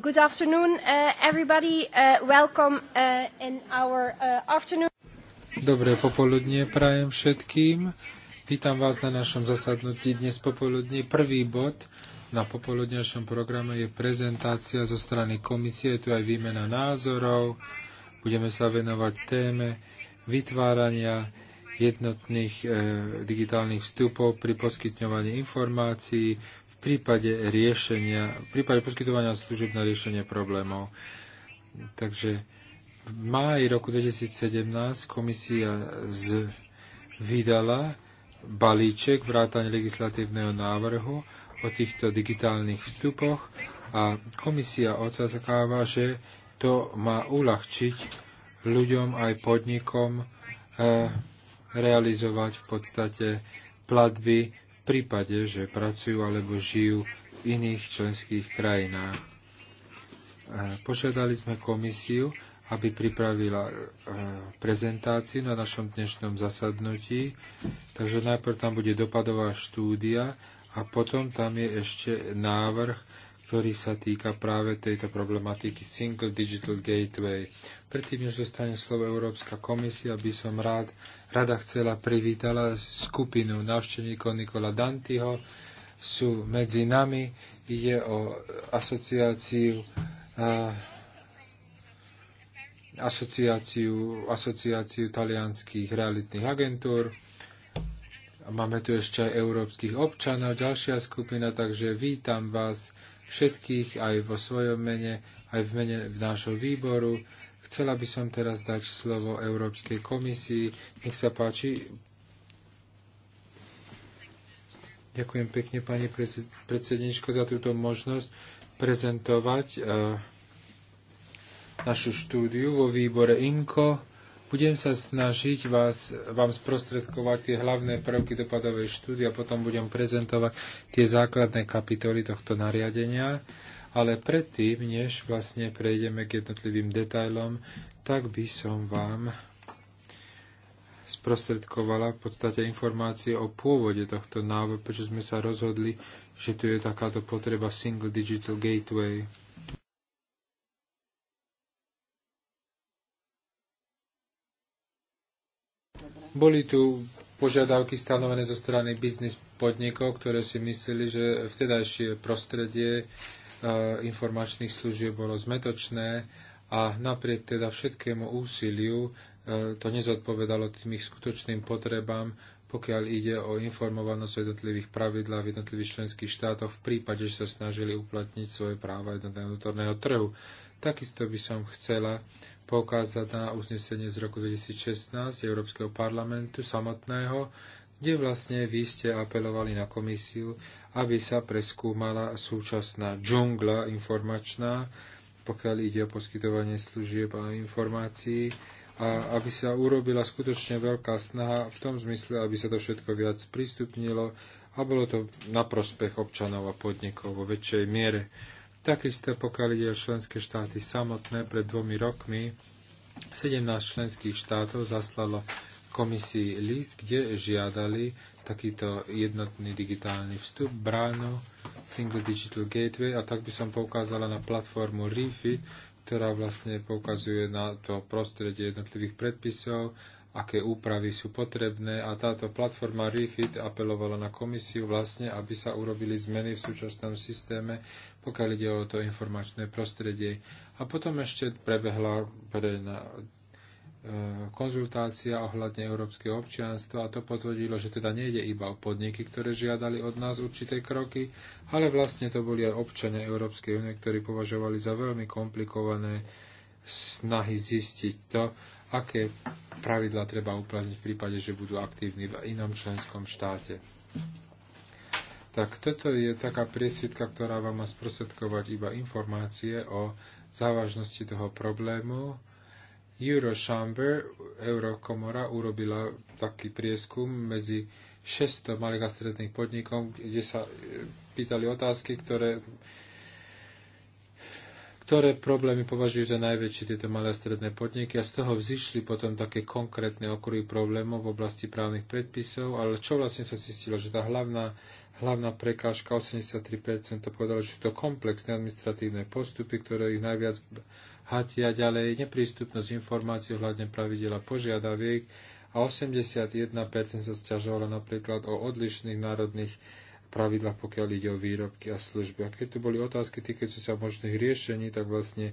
Good afternoon, uh, everybody. Uh, welcome uh, in our afternoon. Dobré popoludnie prajem všetkým. Vítam vás na našom zasadnutí dnes popoludne. Prvý bod na popoludnejšom programe je prezentácia zo strany komisie, je tu aj výmena názorov. Budeme sa venovať téme vytvárania jednotných e, digitálnych vstupov pri poskytňovaní informácií prípade riešenia, v prípade poskytovania služieb na riešenie problémov. Takže v máji roku 2017 komisia z, vydala balíček vrátane legislatívneho návrhu o týchto digitálnych vstupoch a komisia očakáva, že to má uľahčiť ľuďom aj podnikom e, realizovať v podstate platby prípade, že pracujú alebo žijú v iných členských krajinách. Požiadali sme komisiu, aby pripravila e, prezentáciu na našom dnešnom zasadnutí. Takže najprv tam bude dopadová štúdia a potom tam je ešte návrh ktorý sa týka práve tejto problematiky Single Digital Gateway. Predtým, než dostane slovo Európska komisia, by som rád, rada chcela privítala skupinu návštevníkov Nikola Dantiho, Sú medzi nami. Ide o asociáciu a, asociáciu, asociáciu talianských realitných agentúr. Máme tu ešte aj európskych občanov, ďalšia skupina, takže vítam vás všetkých aj vo svojom mene, aj v mene v nášho výboru. Chcela by som teraz dať slovo Európskej komisii. Nech sa páči. Ďakujem pekne, pani predsedničko, za túto možnosť prezentovať eh, našu štúdiu vo výbore INKO. Budem sa snažiť vás, vám sprostredkovať tie hlavné prvky dopadovej štúdie a potom budem prezentovať tie základné kapitoly tohto nariadenia. Ale predtým, než vlastne prejdeme k jednotlivým detailom, tak by som vám sprostredkovala v podstate informácie o pôvode tohto návrhu, prečo sme sa rozhodli, že tu je takáto potreba Single Digital Gateway. Boli tu požiadavky stanovené zo strany biznis podnikov, ktoré si mysleli, že vtedajšie prostredie e, informačných služieb bolo zmetočné a napriek teda všetkému úsiliu e, to nezodpovedalo tým ich skutočným potrebám, pokiaľ ide o informovanosť jednotlivých pravidlá v jednotlivých členských štátoch v prípade, že sa snažili uplatniť svoje práva jednotného trhu. Takisto by som chcela poukázať na uznesenie z roku 2016 Európskeho parlamentu samotného, kde vlastne vy ste apelovali na komisiu, aby sa preskúmala súčasná džungla informačná, pokiaľ ide o poskytovanie služieb a informácií, a aby sa urobila skutočne veľká snaha v tom zmysle, aby sa to všetko viac prístupnilo a bolo to na prospech občanov a podnikov vo väčšej miere. Takisto pokiaľ ide o členské štáty samotné, pred dvomi rokmi 17 členských štátov zaslalo komisii list, kde žiadali takýto jednotný digitálny vstup, bránu, Single Digital Gateway a tak by som poukázala na platformu REFIT, ktorá vlastne poukazuje na to prostredie jednotlivých predpisov, aké úpravy sú potrebné a táto platforma REFIT apelovala na komisiu vlastne, aby sa urobili zmeny v súčasnom systéme, pokiaľ ide o to informačné prostredie. A potom ešte prebehla verejná e, konzultácia ohľadne európskeho občianstva a to potvrdilo, že teda nejde iba o podniky, ktoré žiadali od nás určité kroky, ale vlastne to boli aj občania Európskej únie, ktorí považovali za veľmi komplikované snahy zistiť to, aké pravidla treba uplatniť v prípade, že budú aktívni v inom členskom štáte. Tak toto je taká priesvitka, ktorá vám má sprostredkovať iba informácie o závažnosti toho problému. Eurochamber, Eurokomora, urobila taký prieskum medzi 600 malých a stredných podnikov, kde sa pýtali otázky, ktoré ktoré problémy považujú za najväčšie tieto malé a stredné podniky a z toho vzýšli potom také konkrétne okruhy problémov v oblasti právnych predpisov, ale čo vlastne sa zistilo, že tá hlavná, hlavná prekážka 83% to povedalo, že sú to komplexné administratívne postupy, ktoré ich najviac hatia ďalej, neprístupnosť informácií ohľadne pravidela požiadaviek a 81% sa stiažovalo napríklad o odlišných národných pravidlách, pokiaľ ide o výrobky a služby. A keď tu boli otázky týkajúce sa možných riešení, tak vlastne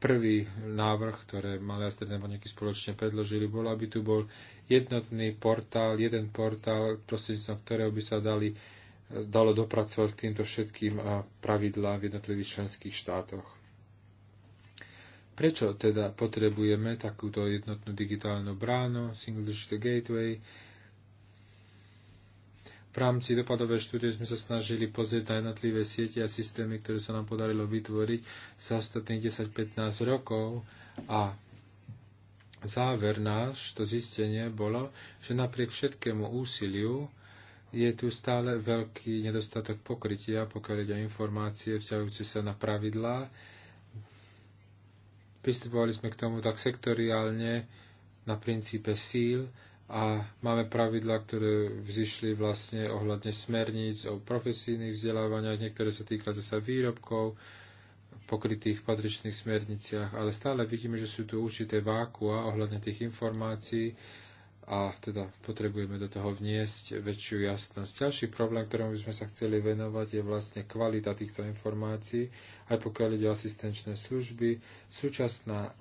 prvý návrh, ktoré malé a stredné podniky spoločne predložili, bol, aby tu bol jednotný portál, jeden portál, prostredníctvom ktorého by sa dali, dalo dopracovať k týmto všetkým pravidlám v jednotlivých členských štátoch. Prečo teda potrebujeme takúto jednotnú digitálnu bránu, Single Digital Gateway? V rámci dopadovej štúdie sme sa snažili pozrieť na jednotlivé siete a systémy, ktoré sa nám podarilo vytvoriť za ostatných 10-15 rokov a záver náš, to zistenie bolo, že napriek všetkému úsiliu je tu stále veľký nedostatok pokrytia, pokiaľ ide o informácie vzťahujúce sa na pravidlá. Pristupovali sme k tomu tak sektoriálne na princípe síl, a máme pravidla, ktoré vzýšli vlastne ohľadne smerníc o profesijných vzdelávaniach, niektoré sa týka zase výrobkov, pokrytých v patričných smerniciach, ale stále vidíme, že sú tu určité vákua ohľadne tých informácií a teda potrebujeme do toho vniesť väčšiu jasnosť. Ďalší problém, ktorému by sme sa chceli venovať, je vlastne kvalita týchto informácií, aj pokiaľ ide o asistenčné služby, súčasná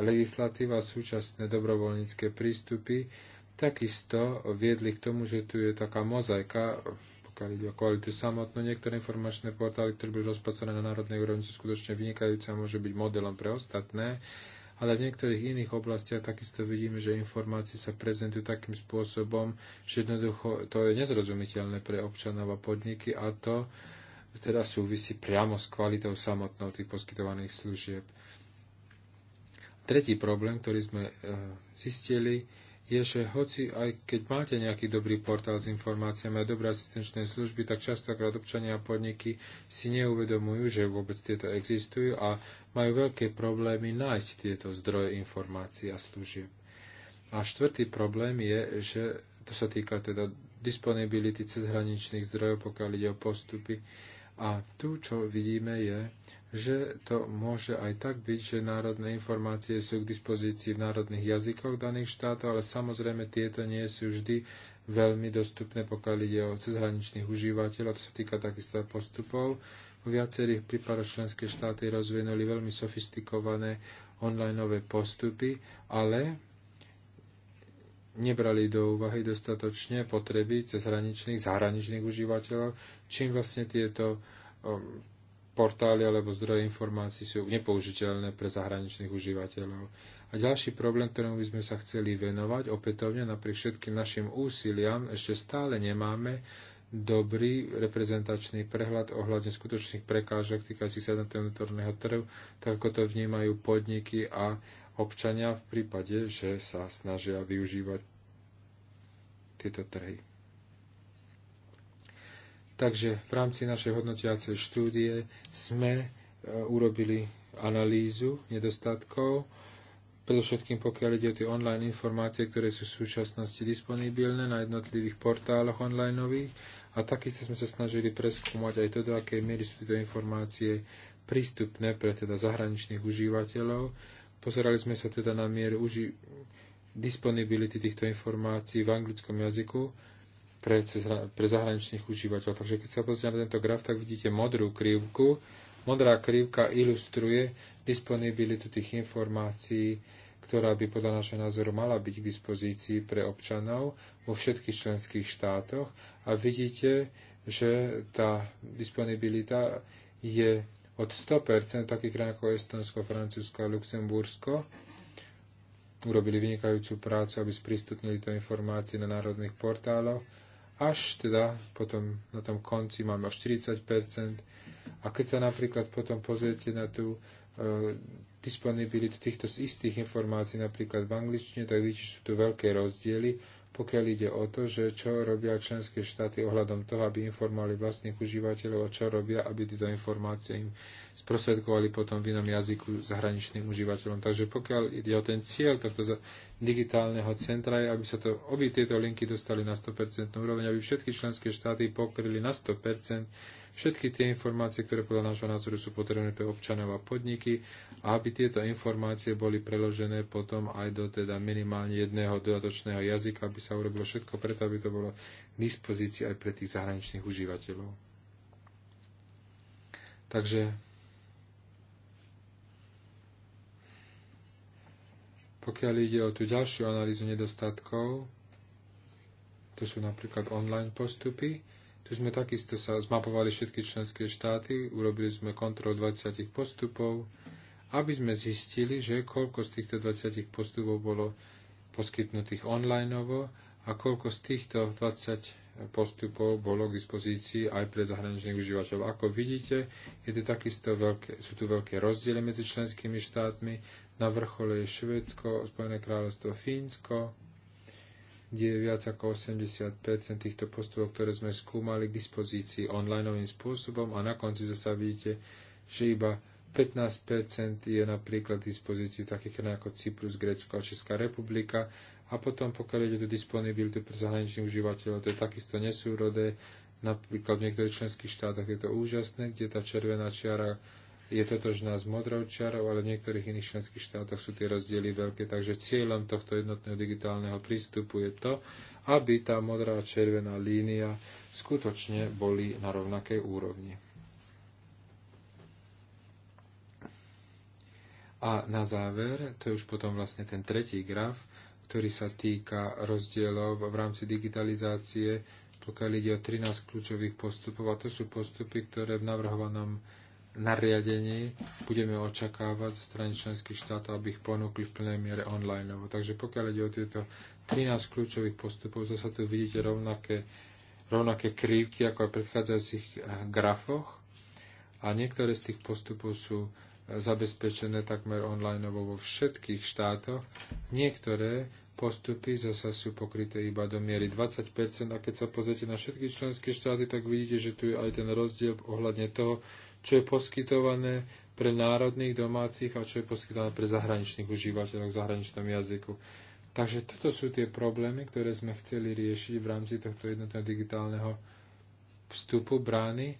legislatíva, súčasné dobrovoľnícke prístupy, takisto viedli k tomu, že tu je taká mozaika, pokiaľ ide o kvalitu samotnú. Niektoré informačné portály, ktoré boli rozpracované na národnej úrovni, sú skutočne vynikajúce a môže byť modelom pre ostatné ale v niektorých iných oblastiach takisto vidíme, že informácie sa prezentujú takým spôsobom, že jednoducho to je nezrozumiteľné pre občanov a podniky a to teda súvisí priamo s kvalitou samotnou tých poskytovaných služieb. Tretí problém, ktorý sme e, zistili, je, že hoci aj keď máte nejaký dobrý portál s informáciami a dobré asistenčné služby, tak častokrát občania a podniky si neuvedomujú, že vôbec tieto existujú a majú veľké problémy nájsť tieto zdroje informácií a služieb. A štvrtý problém je, že to sa týka teda disponibility cezhraničných zdrojov, pokiaľ ide o postupy. A tu, čo vidíme, je, že to môže aj tak byť, že národné informácie sú k dispozícii v národných jazykoch daných štátov, ale samozrejme tieto nie sú vždy veľmi dostupné, pokiaľ ide o cezhraničných užívateľov. To sa týka takisto postupov. V viacerých prípadoch členské štáty rozvinuli veľmi sofistikované onlineové postupy, ale nebrali do úvahy dostatočne potreby cezhraničných, zahraničných užívateľov, čím vlastne tieto portály alebo zdroje informácií sú nepoužiteľné pre zahraničných užívateľov. A ďalší problém, ktorému by sme sa chceli venovať opätovne napriek všetkým našim úsiliam, ešte stále nemáme dobrý reprezentačný prehľad ohľadne skutočných prekážok týkajúcich sa jednotného trhu, tak ako to vnímajú podniky a občania v prípade, že sa snažia využívať tieto trhy. Takže v rámci našej hodnotiacej štúdie sme e, urobili analýzu nedostatkov, predovšetkým pokiaľ ide o tie online informácie, ktoré sú v súčasnosti disponibilné na jednotlivých portáloch online a takisto sme sa snažili preskúmať aj to, do akej miery sú tieto informácie prístupné pre teda zahraničných užívateľov. Pozerali sme sa teda na mieru uži- disponibility týchto informácií v anglickom jazyku pre, pre zahraničných užívateľov. Takže keď sa pozrieme na tento graf, tak vidíte modrú krivku. Modrá krivka ilustruje disponibilitu tých informácií, ktorá by podľa našeho názoru mala byť k dispozícii pre občanov vo všetkých členských štátoch. A vidíte, že tá disponibilita je od 100% takých krajín ako Estonsko, Francúzsko a Luxembursko urobili vynikajúcu prácu, aby sprístupnili to informácie na národných portáloch až teda potom na tom konci máme až 40 A keď sa napríklad potom pozriete na tú e, disponibilitu týchto istých informácií napríklad v angličtine, tak vidíte, že sú tu veľké rozdiely pokiaľ ide o to, že čo robia členské štáty ohľadom toho, aby informovali vlastných užívateľov a čo robia, aby tieto informácie im sprostredkovali potom v inom jazyku zahraničným užívateľom. Takže pokiaľ ide o ten cieľ tohto digitálneho centra, je, aby sa to, obi tieto linky dostali na 100% úroveň, aby všetky členské štáty pokryli na 100% Všetky tie informácie, ktoré podľa nášho názoru sú potrebné pre občanov a podniky, a aby tieto informácie boli preložené potom aj do teda minimálne jedného dodatočného jazyka, aby sa urobilo všetko preto, aby to bolo k dispozícii aj pre tých zahraničných užívateľov. Takže Pokiaľ ide o tú ďalšiu analýzu nedostatkov, to sú napríklad online postupy, tu sme takisto sa zmapovali všetky členské štáty, urobili sme kontrol 20 postupov, aby sme zistili, že koľko z týchto 20 postupov bolo poskytnutých online a koľko z týchto 20 postupov bolo k dispozícii aj pre zahraničných užívateľov. Ako vidíte, je to takisto veľké, sú tu veľké rozdiely medzi členskými štátmi. Na vrchole je Švedsko, Spojené kráľovstvo, Fínsko, kde je viac ako 80 týchto postupov, ktoré sme skúmali k dispozícii onlineovým spôsobom a na konci zase vidíte, že iba 15 je napríklad k dispozícii takých krajín ako Cyprus, Grécko a Česká republika. A potom, pokiaľ ide o disponibilitu pre zahraničných užívateľov, to je takisto nesúrodé. Napríklad v niektorých členských štátoch je to úžasné, kde tá červená čiara je totožná s modrou čarou, ale v niektorých iných členských štátoch sú tie rozdiely veľké. Takže cieľom tohto jednotného digitálneho prístupu je to, aby tá modrá a červená línia skutočne boli na rovnakej úrovni. A na záver, to je už potom vlastne ten tretí graf, ktorý sa týka rozdielov v rámci digitalizácie, pokiaľ ide o 13 kľúčových postupov, a to sú postupy, ktoré v navrhovanom nariadení budeme očakávať zo strany členských štátov, aby ich ponúkli v plnej miere online. Takže pokiaľ ide o tieto 13 kľúčových postupov, zase tu vidíte rovnaké, rovnaké krivky ako aj v predchádzajúcich eh, grafoch a niektoré z tých postupov sú eh, zabezpečené takmer online vo všetkých štátoch. Niektoré postupy zase sú pokryté iba do miery 20%. A keď sa pozrite na všetky členské štáty, tak vidíte, že tu je aj ten rozdiel ohľadne toho, čo je poskytované pre národných, domácich a čo je poskytované pre zahraničných užívateľov v zahraničnom jazyku. Takže toto sú tie problémy, ktoré sme chceli riešiť v rámci tohto jednotného digitálneho vstupu brány.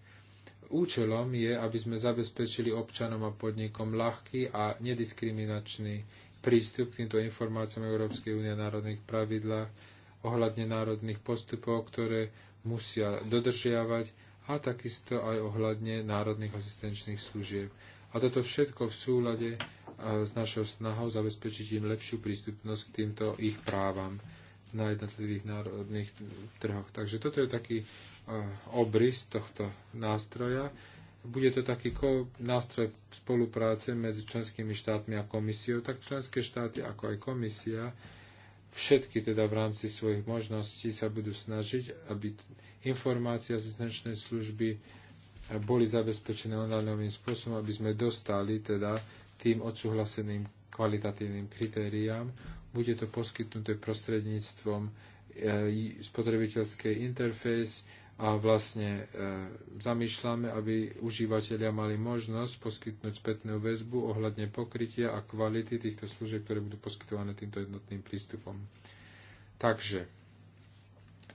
Účelom je, aby sme zabezpečili občanom a podnikom ľahký a nediskriminačný prístup k týmto informáciám Európskej únie a národných pravidlách ohľadne národných postupov, ktoré musia dodržiavať a takisto aj ohľadne národných asistenčných služieb. A toto všetko v súlade e, s našou snahou zabezpečiť im lepšiu prístupnosť k týmto ich právam na jednotlivých národných trhoch. Takže toto je taký e, obrys tohto nástroja. Bude to taký nástroj spolupráce medzi členskými štátmi a komisiou, tak členské štáty ako aj komisia, všetky teda v rámci svojich možností sa budú snažiť, aby informácie z značnej služby boli zabezpečené online spôsobom, aby sme dostali teda tým odsúhlaseným kvalitatívnym kritériám. Bude to poskytnuté prostredníctvom eh, spotrebiteľskej interfejs a vlastne eh, zamýšľame, aby užívateľia mali možnosť poskytnúť spätnú väzbu ohľadne pokrytia a kvality týchto služieb, ktoré budú poskytované týmto jednotným prístupom. Takže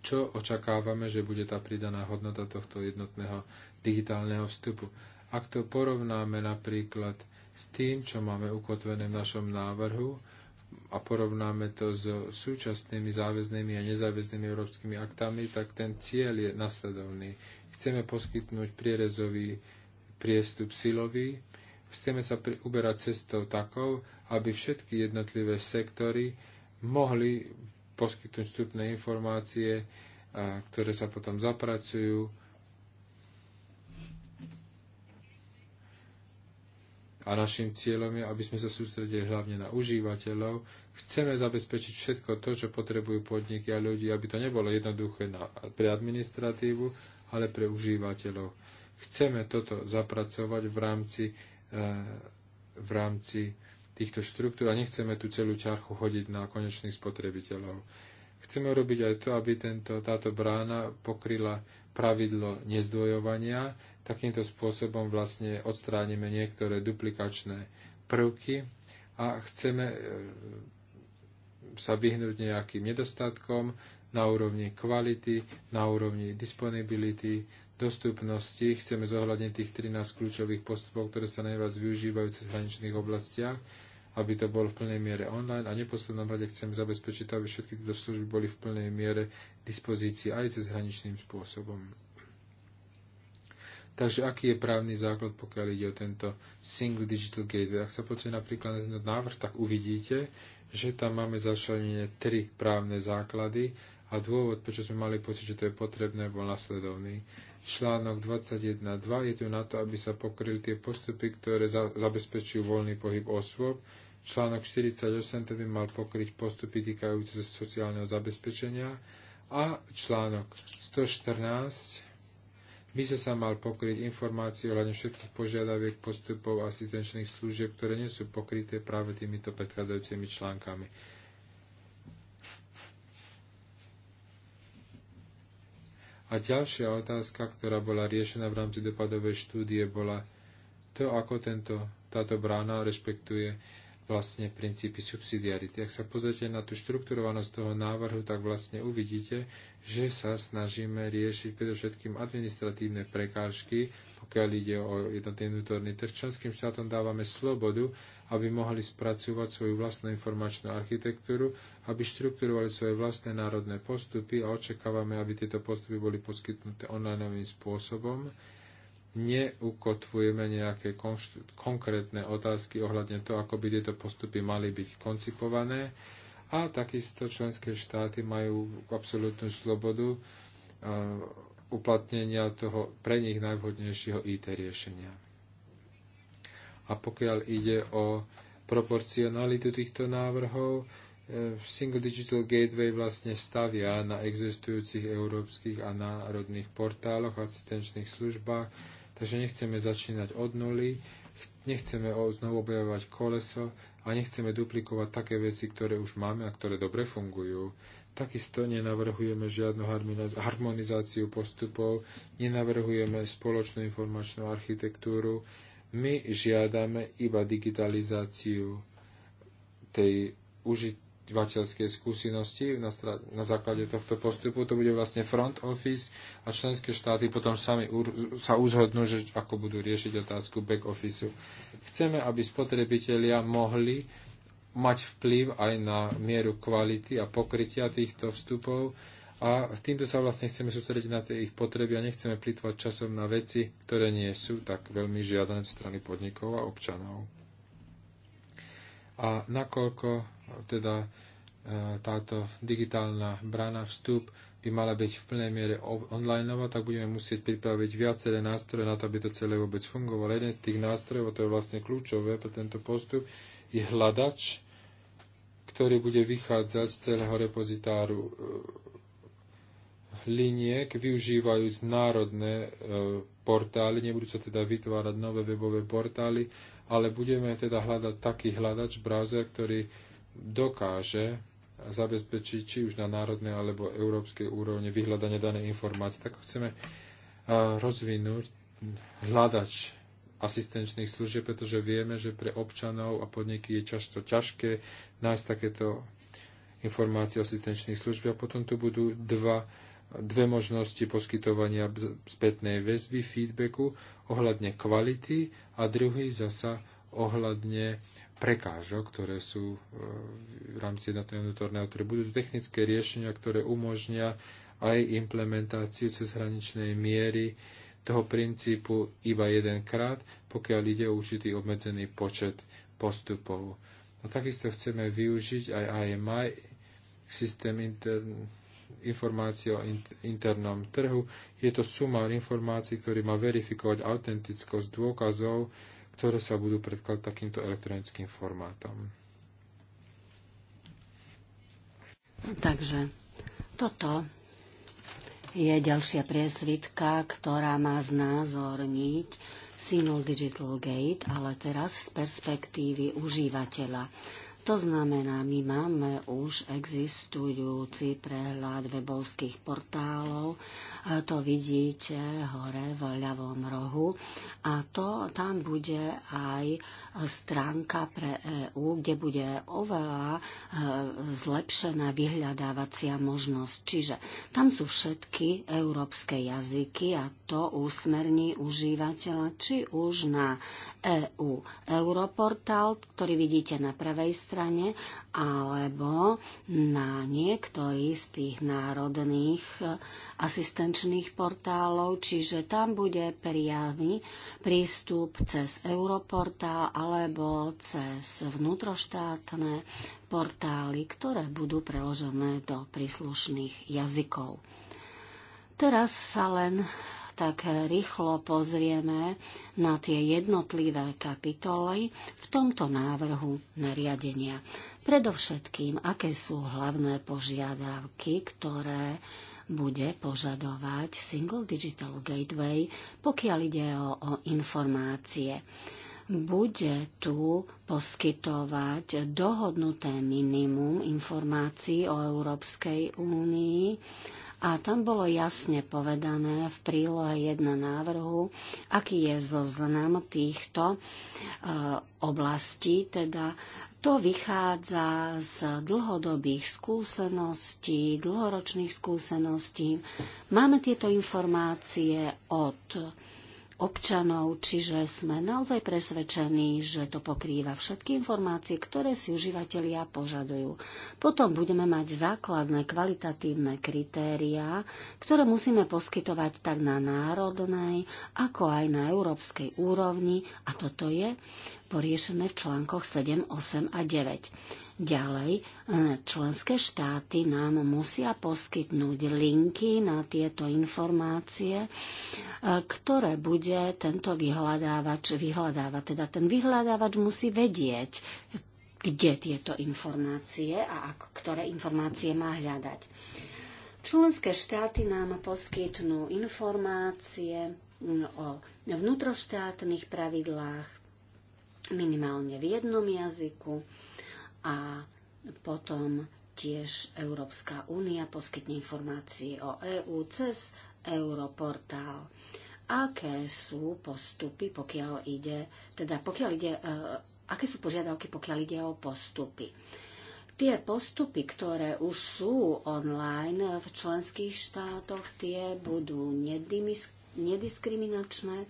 čo očakávame, že bude tá pridaná hodnota tohto jednotného digitálneho vstupu. Ak to porovnáme napríklad s tým, čo máme ukotvené v našom návrhu a porovnáme to s súčasnými záväznými a nezáväznými európskymi aktami, tak ten cieľ je nasledovný. Chceme poskytnúť prierezový priestup silový, chceme sa pri, uberať cestou takou, aby všetky jednotlivé sektory mohli poskytnúť vstupné informácie, a, ktoré sa potom zapracujú. A našim cieľom je, aby sme sa sústredili hlavne na užívateľov. Chceme zabezpečiť všetko to, čo potrebujú podniky a ľudí, aby to nebolo jednoduché na, pre administratívu, ale pre užívateľov. Chceme toto zapracovať v rámci, e, v rámci týchto štruktúr a nechceme tú celú ťarchu chodiť na konečných spotrebiteľov. Chceme robiť aj to, aby tento, táto brána pokryla pravidlo nezdvojovania. Takýmto spôsobom vlastne odstránime niektoré duplikačné prvky a chceme e, sa vyhnúť nejakým nedostatkom na úrovni kvality, na úrovni disponibility, dostupnosti. Chceme zohľadniť tých 13 kľúčových postupov, ktoré sa najviac využívajú v cezhraničných oblastiach aby to bolo v plnej miere online a neposlednom rade chcem zabezpečiť to, aby všetky tieto služby boli v plnej miere dispozícii aj cez hraničným spôsobom. Takže aký je právny základ, pokiaľ ide o tento Single Digital Gateway? Ak sa pozrite napríklad na tento návrh, tak uvidíte, že tam máme začlenenie tri právne základy a dôvod, prečo sme mali pocit, že to je potrebné, bol nasledovný. Článok 21.2 je tu na to, aby sa pokryli tie postupy, ktoré za, zabezpečujú voľný pohyb osôb, Článok 48 tedy mal pokryť postupy týkajúce sociálneho zabezpečenia a článok 114 by sa sa mal pokryť o ohľadne všetkých požiadaviek postupov asistenčných služieb, ktoré nie sú pokryté práve týmito predchádzajúcimi článkami. A ďalšia otázka, ktorá bola riešená v rámci dopadovej štúdie, bola to, ako tento, táto brána rešpektuje vlastne princípy subsidiarity. Ak sa pozrite na tú štrukturovanosť toho návrhu, tak vlastne uvidíte, že sa snažíme riešiť predovšetkým administratívne prekážky, pokiaľ ide o jednotný vnútorný trh. Členským štátom dávame slobodu, aby mohli spracúvať svoju vlastnú informačnú architektúru, aby štrukturovali svoje vlastné národné postupy a očakávame, aby tieto postupy boli poskytnuté online spôsobom neukotvujeme nejaké konkrétne otázky ohľadne toho, ako by tieto postupy mali byť koncipované. A takisto členské štáty majú absolútnu slobodu e, uplatnenia toho pre nich najvhodnejšieho IT riešenia. A pokiaľ ide o proporcionalitu týchto návrhov, e, Single Digital Gateway vlastne stavia na existujúcich európskych a národných portáloch, a asistenčných službách, Takže nechceme začínať od nuly, nechceme znovu objavovať koleso a nechceme duplikovať také veci, ktoré už máme a ktoré dobre fungujú. Takisto nenavrhujeme žiadnu harmonizáciu postupov, nenavrhujeme spoločnú informačnú architektúru, my žiadame iba digitalizáciu tej užitosti divateľské skúsenosti na, na základe tohto postupu. To bude vlastne front office a členské štáty potom sami sa uzhodnú, že ako budú riešiť otázku back officeu. Chceme, aby spotrebitelia mohli mať vplyv aj na mieru kvality a pokrytia týchto vstupov a týmto sa vlastne chceme sústrediť na tie ich potreby a nechceme plýtvať časom na veci, ktoré nie sú tak veľmi žiadané z strany podnikov a občanov a nakoľko teda e, táto digitálna brana vstup by mala byť v plnej miere online, tak budeme musieť pripraviť viaceré nástroje na to, aby to celé vôbec fungovalo. Jeden z tých nástrojov, a to je vlastne kľúčové pre tento postup, je hľadač, ktorý bude vychádzať z celého repozitáru e, liniek, využívajúc národné e, portály, nebudú sa teda vytvárať nové webové portály, ale budeme teda hľadať taký hľadač, browser, ktorý dokáže zabezpečiť či už na národnej alebo európskej úrovni vyhľadanie danej informácie. Tak chceme rozvinúť hľadač asistenčných služieb, pretože vieme, že pre občanov a podniky je často ťažké nájsť takéto informácie o asistenčných službách. Potom tu budú dva dve možnosti poskytovania spätnej väzby, feedbacku ohľadne kvality a druhý zasa ohľadne prekážok, ktoré sú e, v rámci jednotného vnútorného trhu. Budú technické riešenia, ktoré umožnia aj implementáciu cezhraničnej miery toho princípu iba jedenkrát, pokiaľ ide o určitý obmedzený počet postupov. A takisto chceme využiť aj IMI, systém inter- informácie o internom trhu. Je to sumár informácií, ktorý má verifikovať autentickosť dôkazov, ktoré sa budú predkladať takýmto elektronickým formátom. Takže toto je ďalšia priesvitka, ktorá má znázorniť Single Digital Gate, ale teraz z perspektívy užívateľa. To znamená, my máme už existujúci prehľad webovských portálov, to vidíte hore v ľavom rohu a to, tam bude aj stránka pre EÚ, kde bude oveľa e, zlepšená vyhľadávacia možnosť. Čiže tam sú všetky európske jazyky a to usmerní užívateľa, či už na EU Europortál, ktorý vidíte na pravej strane, strane, alebo na niektorý z tých národných e, asistenčných portálov, čiže tam bude priamy prístup cez Europortál alebo cez vnútroštátne portály, ktoré budú preložené do príslušných jazykov. Teraz sa len tak rýchlo pozrieme na tie jednotlivé kapitoly v tomto návrhu nariadenia. Predovšetkým, aké sú hlavné požiadavky, ktoré bude požadovať Single Digital Gateway, pokiaľ ide o, o informácie bude tu poskytovať dohodnuté minimum informácií o Európskej únii a tam bolo jasne povedané v prílohe 1 návrhu, aký je zoznam týchto e, oblastí, teda to vychádza z dlhodobých skúseností, dlhoročných skúseností. Máme tieto informácie od občanov, čiže sme naozaj presvedčení, že to pokrýva všetky informácie, ktoré si užívateľia požadujú. Potom budeme mať základné kvalitatívne kritériá, ktoré musíme poskytovať tak na národnej, ako aj na európskej úrovni a toto je poriešené v článkoch 7, 8 a 9. Ďalej, e, členské štáty nám musia poskytnúť linky na tieto informácie, e, ktoré bude tento vyhľadávač vyhľadávať. Teda ten vyhľadávač musí vedieť, kde tieto informácie a ktoré informácie má hľadať. Členské štáty nám poskytnú informácie mm, o vnútroštátnych pravidlách, minimálne v jednom jazyku a potom tiež Európska únia poskytne informácie o EÚ cez Europortál. Aké sú postupy, pokiaľ ide, teda pokiaľ ide, e, aké sú požiadavky, pokiaľ ide o postupy? Tie postupy, ktoré už sú online v členských štátoch, tie budú nedimiskriminované nediskriminačné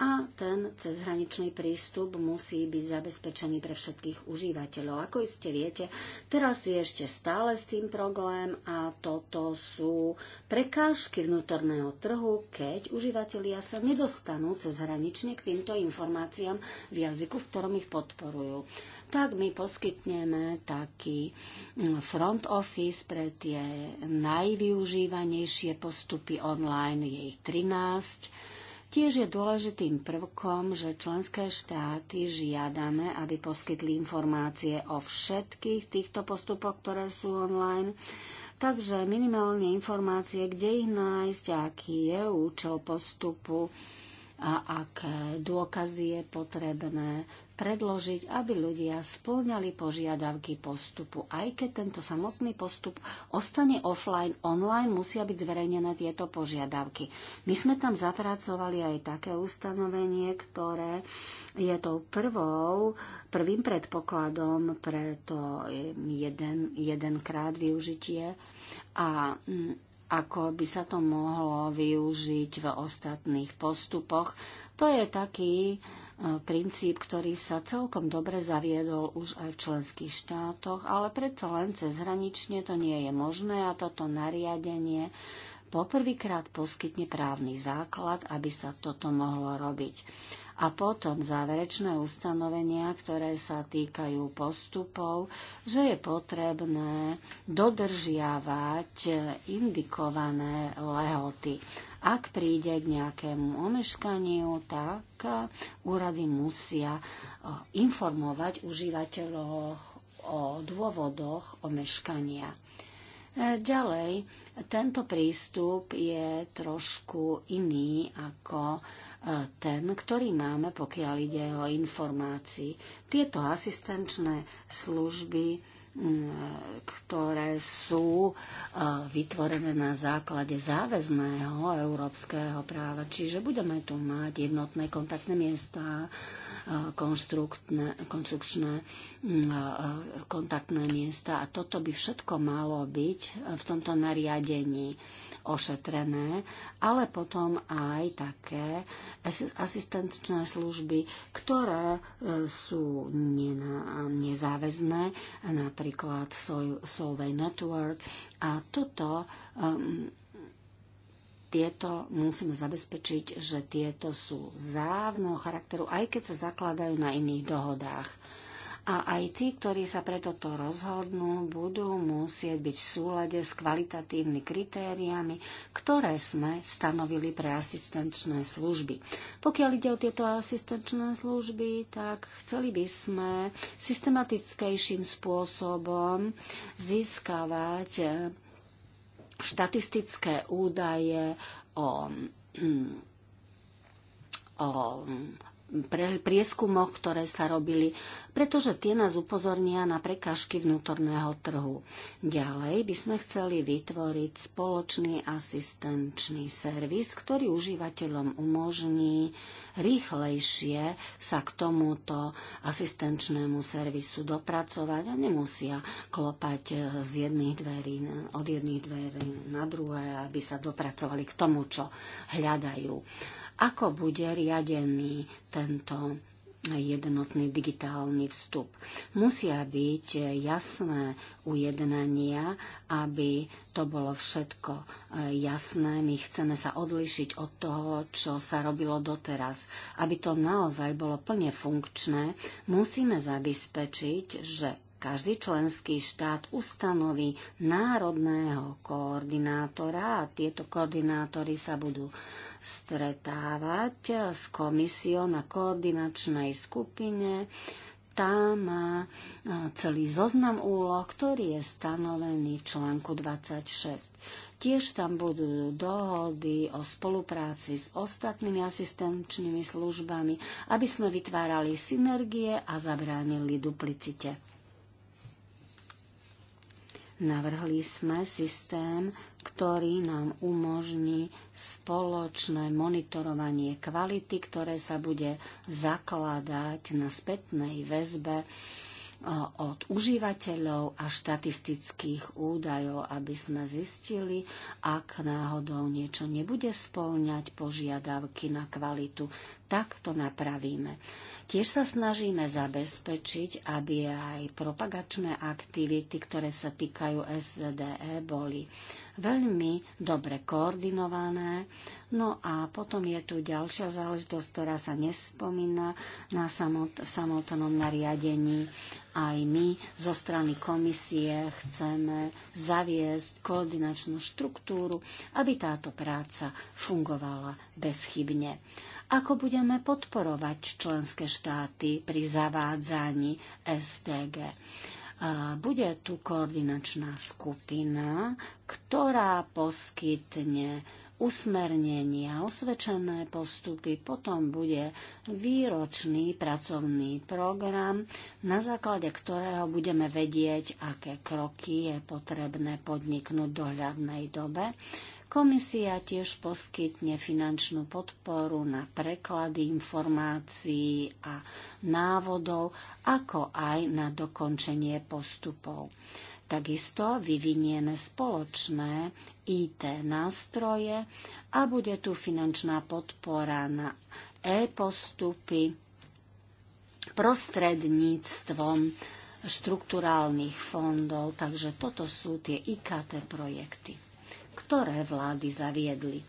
a ten cezhraničný prístup musí byť zabezpečený pre všetkých užívateľov. Ako iste viete, teraz je ešte stále s tým problém a toto sú prekážky vnútorného trhu, keď užívateľia sa nedostanú cezhranične k týmto informáciám v jazyku, v ktorom ich podporujú tak my poskytneme taký mm, front office pre tie najvyužívanejšie postupy online, je ich 13. Tiež je dôležitým prvkom, že členské štáty žiadame, aby poskytli informácie o všetkých týchto postupoch, ktoré sú online. Takže minimálne informácie, kde ich nájsť, aký je účel postupu a aké dôkazy je potrebné predložiť, aby ľudia spĺňali požiadavky postupu. Aj keď tento samotný postup ostane offline, online musia byť zverejnené tieto požiadavky. My sme tam zapracovali aj také ustanovenie, ktoré je tou prvou, prvým predpokladom pre to jeden, jedenkrát využitie a mm, ako by sa to mohlo využiť v ostatných postupoch. To je taký E, princíp, ktorý sa celkom dobre zaviedol už aj v členských štátoch, ale predsa len cezhranične to nie je možné a toto nariadenie poprvýkrát poskytne právny základ, aby sa toto mohlo robiť. A potom záverečné ustanovenia, ktoré sa týkajú postupov, že je potrebné dodržiavať indikované lehoty. Ak príde k nejakému omeškaniu, tak eh, úrady musia eh, informovať užívateľov o dôvodoch omeškania. Eh, ďalej, tento prístup je trošku iný ako ten, ktorý máme, pokiaľ ide o informácii. Tieto asistenčné služby ktoré sú e, vytvorené na základe záväzného európskeho práva. Čiže budeme tu mať jednotné kontaktné miesta, konstrukčné mm, kontaktné miesta. A toto by všetko malo byť v tomto nariadení ošetrené, ale potom aj také asistenčné služby, ktoré e, sú nezáväzné, napríklad Solvay Network. A toto um, tieto musíme zabezpečiť, že tieto sú závneho charakteru, aj keď sa zakladajú na iných dohodách. A aj tí, ktorí sa pre toto rozhodnú, budú musieť byť v súlade s kvalitatívnymi kritériami, ktoré sme stanovili pre asistenčné služby. Pokiaľ ide o tieto asistenčné služby, tak chceli by sme systematickejším spôsobom získavať eh, štatistické údaje o, o prieskumoch, ktoré sa robili, pretože tie nás upozornia na prekážky vnútorného trhu. Ďalej by sme chceli vytvoriť spoločný asistenčný servis, ktorý užívateľom umožní rýchlejšie sa k tomuto asistenčnému servisu dopracovať a nemusia klopať eh, z jedných dverí, od jedných dverí na druhé, aby sa dopracovali k tomu, čo hľadajú ako bude riadený tento jednotný digitálny vstup. Musia byť jasné ujednania, aby to bolo všetko eh, jasné. My chceme sa odlišiť od toho, čo sa robilo doteraz. Aby to naozaj bolo plne funkčné, musíme zabezpečiť, že každý členský štát ustanoví národného koordinátora a tieto koordinátory sa budú stretávať s komisiou na koordinačnej skupine. Tá má e, celý zoznam úloh, ktorý je stanovený v článku 26. Tiež tam budú dohody o spolupráci s ostatnými asistenčnými službami, aby sme vytvárali synergie a zabránili duplicite. Navrhli sme systém, ktorý nám umožní spoločné monitorovanie kvality, ktoré sa bude zakladať na spätnej väzbe e, od užívateľov a štatistických údajov, aby sme zistili, ak náhodou niečo nebude spĺňať požiadavky na kvalitu tak to napravíme. Tiež sa snažíme zabezpečiť, aby aj propagačné aktivity, ktoré sa týkajú SDE, boli veľmi dobre koordinované. No a potom je tu ďalšia záležitosť, ktorá sa nespomína na samot- v samotnom nariadení. Aj my zo strany komisie chceme zaviesť koordinačnú štruktúru, aby táto práca fungovala bezchybne. Ako budeme podporovať členské štáty pri zavádzaní STG, Bude tu koordinačná skupina, ktorá poskytne usmernenia, osvedčené postupy, potom bude výročný pracovný program, na základe ktorého budeme vedieť, aké kroky je potrebné podniknúť do hľadnej dobe. Komisia tiež poskytne finančnú podporu na preklady informácií a návodov, ako aj na dokončenie postupov. Takisto vyvinieme spoločné IT nástroje a bude tu finančná podpora na e-postupy prostredníctvom štrukturálnych fondov. Takže toto sú tie IKT projekty ktoré vlády zaviedli.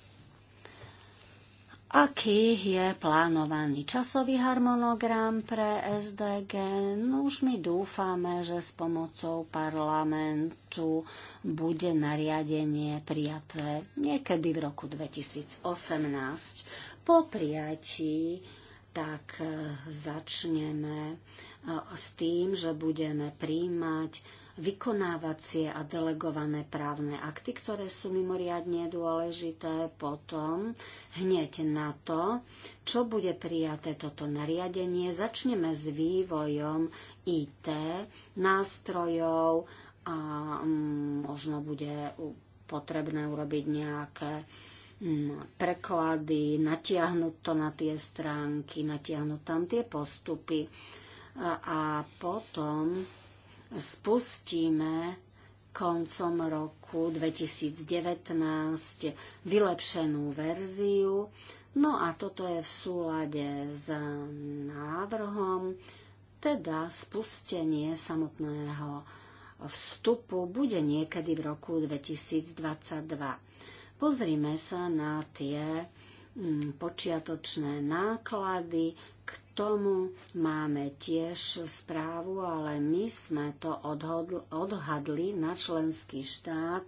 Aký je plánovaný časový harmonogram pre SDG? No už my dúfame, že s pomocou parlamentu bude nariadenie prijaté niekedy v roku 2018. Po prijatí tak e, začneme e, s tým, že budeme príjmať vykonávacie a delegované právne akty, ktoré sú mimoriadne dôležité potom hneď na to, čo bude prijaté toto nariadenie. Začneme s vývojom IT nástrojov a mm, možno bude potrebné urobiť nejaké mm, preklady, natiahnuť to na tie stránky, natiahnuť tam tie postupy a potom spustíme koncom roku 2019 vylepšenú verziu. No a toto je v súlade s návrhom, teda spustenie samotného vstupu bude niekedy v roku 2022. Pozrime sa na tie mm, počiatočné náklady, tomu máme tiež správu, ale my sme to odhadli na členský štát.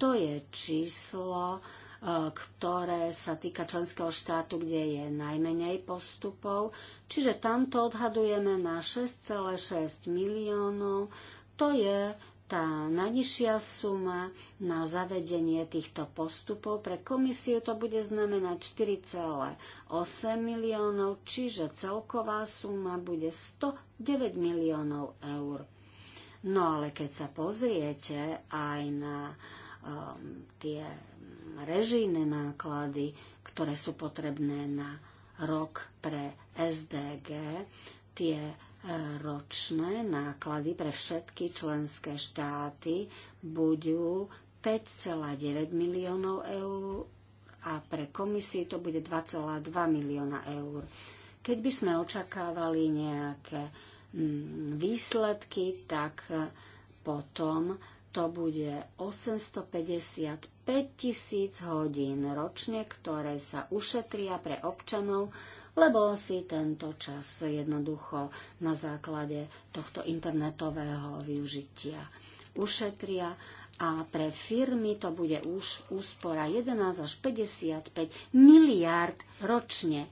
To je číslo, e, ktoré sa týka členského štátu, kde je najmenej postupov. Čiže tamto odhadujeme na 6,6 miliónov. To je tá najnižšia suma na zavedenie týchto postupov pre komisiu to bude znamenať 4,8 miliónov, čiže celková suma bude 109 miliónov eur. No ale keď sa pozriete aj na um, tie režijné náklady, ktoré sú potrebné na rok pre SDG, tie ročné náklady pre všetky členské štáty budú 5,9 miliónov eur a pre komisiu to bude 2,2 milióna eur. Keď by sme očakávali nejaké mm, výsledky, tak e, potom to bude 855 tisíc hodín ročne, ktoré sa ušetria pre občanov, lebo si tento čas jednoducho na základe tohto internetového využitia ušetria a pre firmy to bude už úspora 11 až 55 miliárd ročne.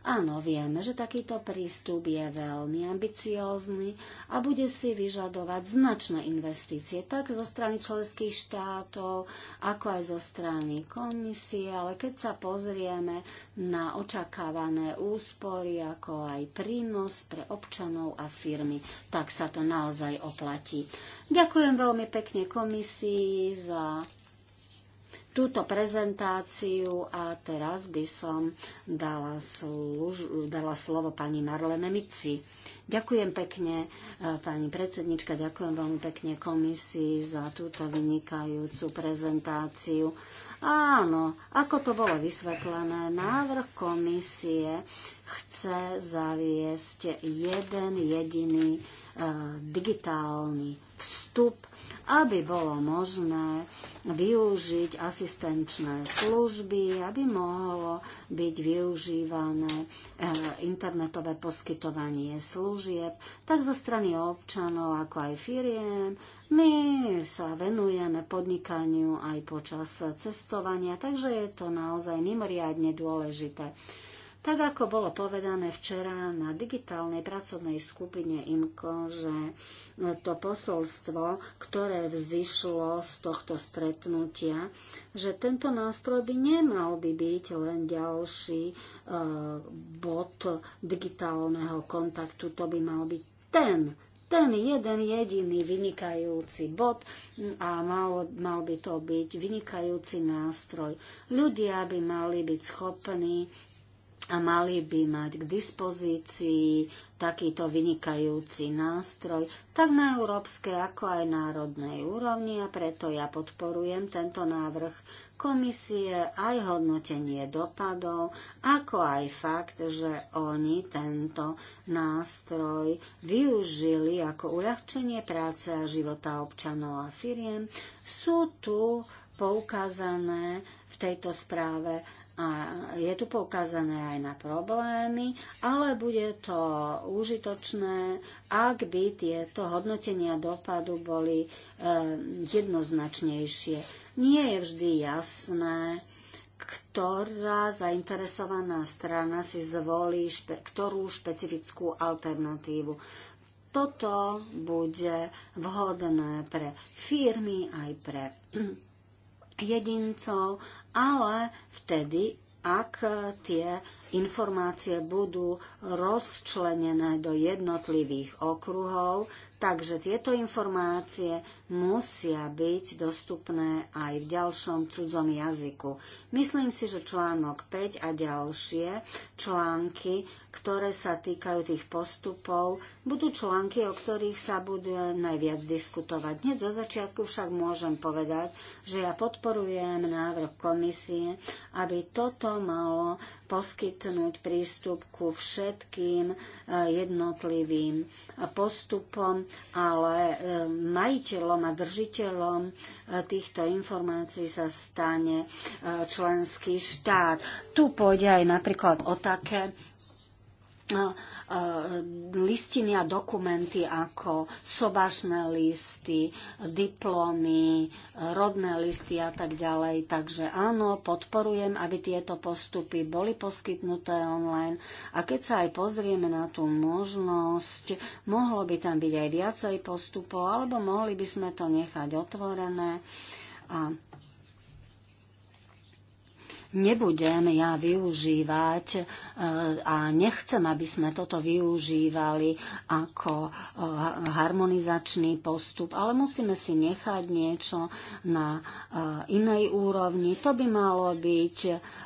Áno, vieme, že takýto prístup je veľmi ambiciózny a bude si vyžadovať značné investície, tak zo strany členských štátov, ako aj zo strany komisie, ale keď sa pozrieme na očakávané úspory, ako aj prínos pre občanov a firmy, tak sa to naozaj oplatí. Ďakujem veľmi pekne komisii za túto prezentáciu a teraz by som dala, služ- dala slovo pani Marlene Mici. Ďakujem pekne, e, pani predsednička, ďakujem veľmi pekne komisii za túto vynikajúcu prezentáciu. Áno, ako to bolo vysvetlené, návrh komisie chce zaviesť jeden jediný e, digitálny vstup aby bolo možné využiť asistenčné služby, aby mohlo byť využívané eh, internetové poskytovanie služieb, tak zo strany občanov, ako aj firiem. My sa venujeme podnikaniu aj počas cestovania, takže je to naozaj mimoriadne dôležité. Tak ako bolo povedané včera na digitálnej pracovnej skupine IMCO, že e, to posolstvo, ktoré vzýšlo z tohto stretnutia, že tento nástroj by nemal by byť len ďalší e, bod digitálneho kontaktu, to by mal byť ten ten jeden jediný vynikajúci bod a mal, mal by to byť vynikajúci nástroj. Ľudia by mali byť schopní a mali by mať k dispozícii takýto vynikajúci nástroj, tak na európskej ako aj národnej úrovni a preto ja podporujem tento návrh komisie aj hodnotenie dopadov, ako aj fakt, že oni tento nástroj využili ako uľahčenie práce a života občanov a firiem. Sú tu poukázané v tejto správe a je tu poukázané aj na problémy, ale bude to užitočné, ak by tieto hodnotenia dopadu boli e, jednoznačnejšie. Nie je vždy jasné, ktorá zainteresovaná strana si zvolí špe- ktorú špecifickú alternatívu. Toto bude vhodné pre firmy aj pre jedincov, ale vtedy, ak eh, tie informácie budú rozčlenené do jednotlivých okruhov, takže tieto informácie musia byť dostupné aj v ďalšom cudzom jazyku. Myslím si, že článok 5 a ďalšie články, ktoré sa týkajú tých postupov, budú články, o ktorých sa bude najviac diskutovať. Hneď zo začiatku však môžem povedať, že ja podporujem návrh komisie, aby toto malo poskytnúť prístup ku všetkým e, jednotlivým postupom, ale e, majiteľom a držiteľom e, týchto informácií sa stane e, členský štát. Tu pôjde aj napríklad o také E, e, listiny a dokumenty ako sobašné listy, diplomy, e, rodné listy a tak ďalej. Takže áno, podporujem, aby tieto postupy boli poskytnuté online. A keď sa aj pozrieme na tú možnosť, mohlo by tam byť aj viacej postupov, alebo mohli by sme to nechať otvorené. A nebudem ja využívať e, a nechcem, aby sme toto využívali ako e, harmonizačný postup, ale musíme si nechať niečo na e, inej úrovni. To by malo byť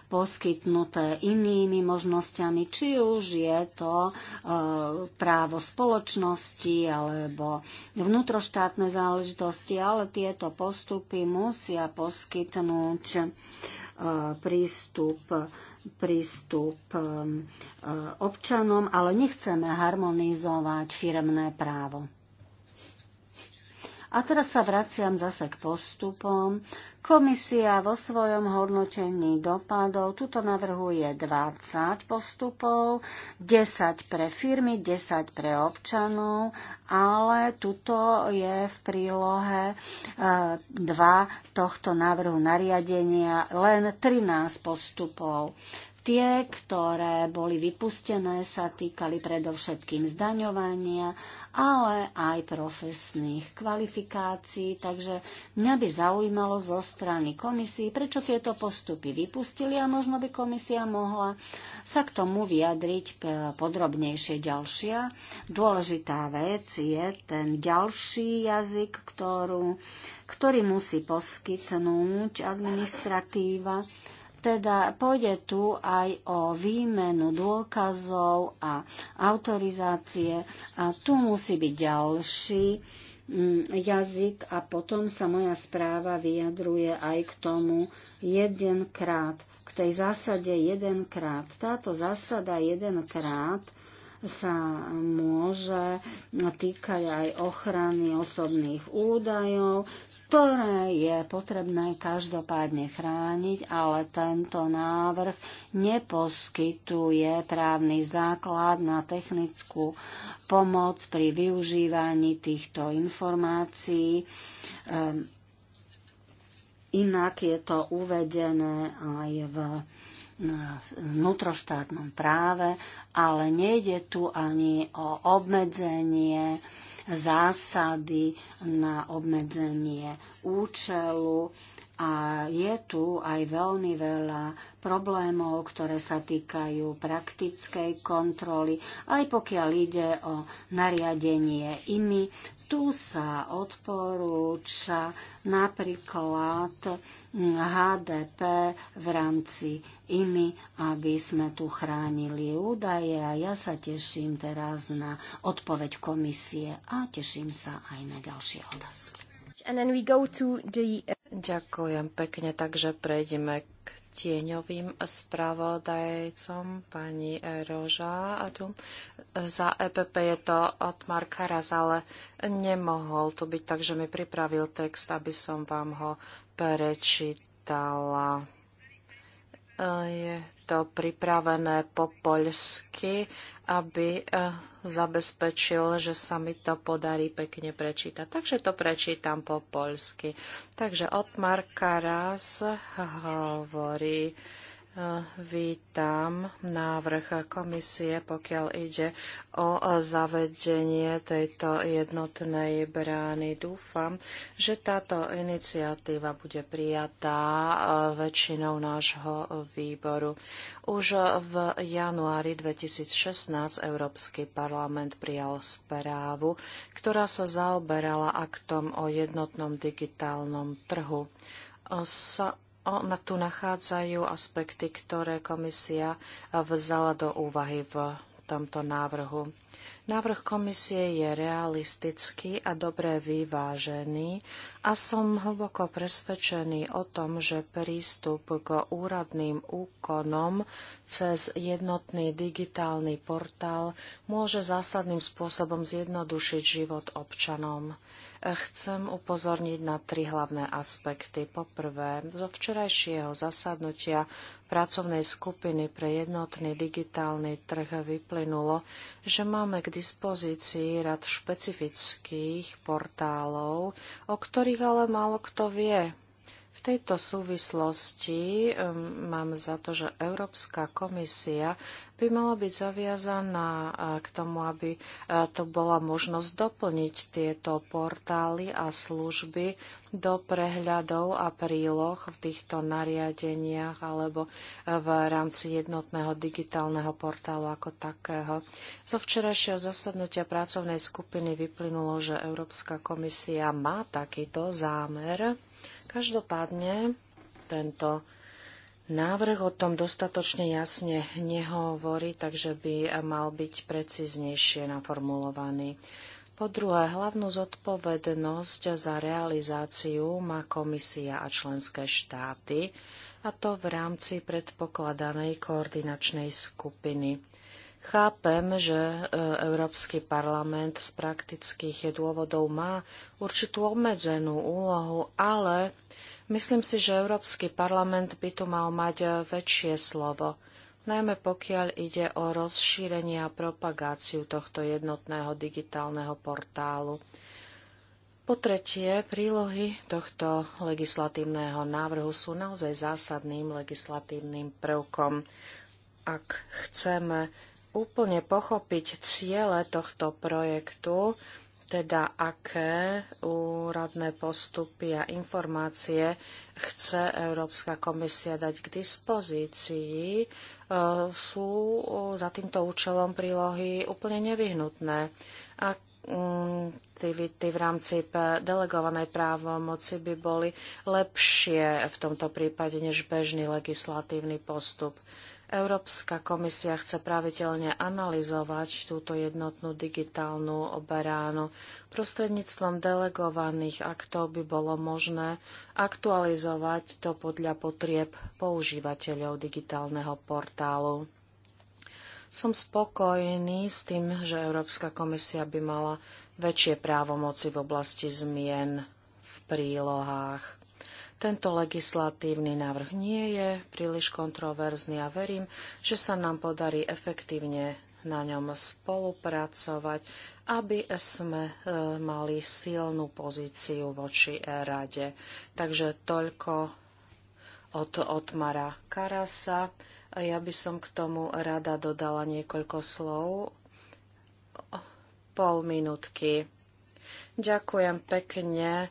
poskytnuté inými možnosťami, či už je to právo spoločnosti alebo vnútroštátne záležitosti, ale tieto postupy musia poskytnúť Eh, prístup, prístup eh, občanom, ale nechceme harmonizovať firemné právo. A teraz sa vraciam zase k postupom. Komisia vo svojom hodnotení dopadov tuto navrhuje 20 postupov, 10 pre firmy, 10 pre občanov, ale tuto je v prílohe 2 e, tohto návrhu nariadenia len 13 postupov. Tie, ktoré boli vypustené, sa týkali predovšetkým zdaňovania, ale aj profesných kvalifikácií. Takže mňa by zaujímalo zo strany komisii, prečo tieto postupy vypustili a možno by komisia mohla sa k tomu vyjadriť e, podrobnejšie ďalšia. Dôležitá vec je ten ďalší jazyk, ktorú, ktorý musí poskytnúť administratíva teda pôjde tu aj o výmenu dôkazov a autorizácie a tu musí byť ďalší mm, jazyk a potom sa moja správa vyjadruje aj k tomu jedenkrát, k tej zásade jedenkrát. Táto zásada jedenkrát sa môže týkať aj ochrany osobných údajov ktoré je potrebné každopádne chrániť, ale tento návrh neposkytuje právny základ na technickú pomoc pri využívaní týchto informácií. Ehm, inak je to uvedené aj v vnútroštátnom práve, ale nejde tu ani o obmedzenie zásady na obmedzenie účelu a je tu aj veľmi veľa problémov, ktoré sa týkajú praktickej kontroly, aj pokiaľ ide o nariadenie IMI, tu sa odporúča napríklad mm, HDP v rámci IMI, aby sme tu chránili údaje a ja sa teším teraz na odpoveď komisie a teším sa aj na ďalšie otázky. The... Ďakujem pekne, takže prejdeme k tieňovým spravodajcom pani e, Roža. A tu e, za EPP je to od Marka Raz, ale nemohol tu byť, takže mi pripravil text, aby som vám ho prečítala je to pripravené po poľsky, aby eh, zabezpečil, že sa mi to podarí pekne prečítať. Takže to prečítam po poľsky. Takže od Marka raz hovorí, Vítam návrh komisie, pokiaľ ide o zavedenie tejto jednotnej brány. Dúfam, že táto iniciatíva bude prijatá e, väčšinou nášho výboru. Už v januári 2016 Európsky parlament prijal správu, ktorá sa zaoberala aktom o jednotnom digitálnom trhu ona tu nachádzajú aspekty, ktoré komisia e, vzala do úvahy v tomto návrhu. Návrh komisie je realistický a dobre vyvážený a som hlboko presvedčený o tom, že prístup k úradným úkonom cez jednotný digitálny portál môže zásadným spôsobom zjednodušiť život občanom. Chcem upozorniť na tri hlavné aspekty. Poprvé, zo včerajšieho zasadnutia pracovnej skupiny pre jednotný digitálny trh vyplynulo, že máme k dispozícii rad špecifických portálov, o ktorých ale málo kto vie. V tejto súvislosti mám za to, že Európska komisia by mala byť zaviazaná k tomu, aby to bola možnosť doplniť tieto portály a služby do prehľadov a príloh v týchto nariadeniach alebo e, v rámci jednotného digitálneho portálu ako takého. Zo včerajšieho zasadnutia pracovnej skupiny vyplynulo, že Európska komisia má takýto zámer Každopádne tento návrh o tom dostatočne jasne nehovorí, takže by mal byť preciznejšie naformulovaný. Po druhé, hlavnú zodpovednosť za realizáciu má komisia a členské štáty, a to v rámci predpokladanej koordinačnej skupiny. Chápem, že e, Európsky parlament z praktických dôvodov má určitú obmedzenú úlohu, ale myslím si, že Európsky parlament by tu mal mať e, väčšie slovo, najmä pokiaľ ide o rozšírenie a propagáciu tohto jednotného digitálneho portálu. Po tretie, prílohy tohto legislatívneho návrhu sú naozaj zásadným legislatívnym prvkom. Ak chceme úplne pochopiť ciele tohto projektu, teda aké úradné postupy a informácie chce Európska komisia dať k dispozícii, e, sú za týmto účelom prílohy úplne nevyhnutné. A aktivity mm, v rámci delegovanej právomoci by boli lepšie v tomto prípade než bežný legislatívny postup. Európska komisia chce pravidelne analyzovať túto jednotnú digitálnu oberánu. Prostredníctvom delegovaných aktov by bolo možné aktualizovať to podľa potrieb používateľov digitálneho portálu. Som spokojný s tým, že Európska komisia by mala väčšie právomoci v oblasti zmien v prílohách. Tento legislatívny návrh nie je príliš kontroverzný a verím, že sa nám podarí efektívne na ňom spolupracovať, aby sme e, mali silnú pozíciu voči rade. Takže toľko od Otmara Karasa. Ja by som k tomu rada dodala niekoľko slov. Pol minútky. Ďakujem pekne e,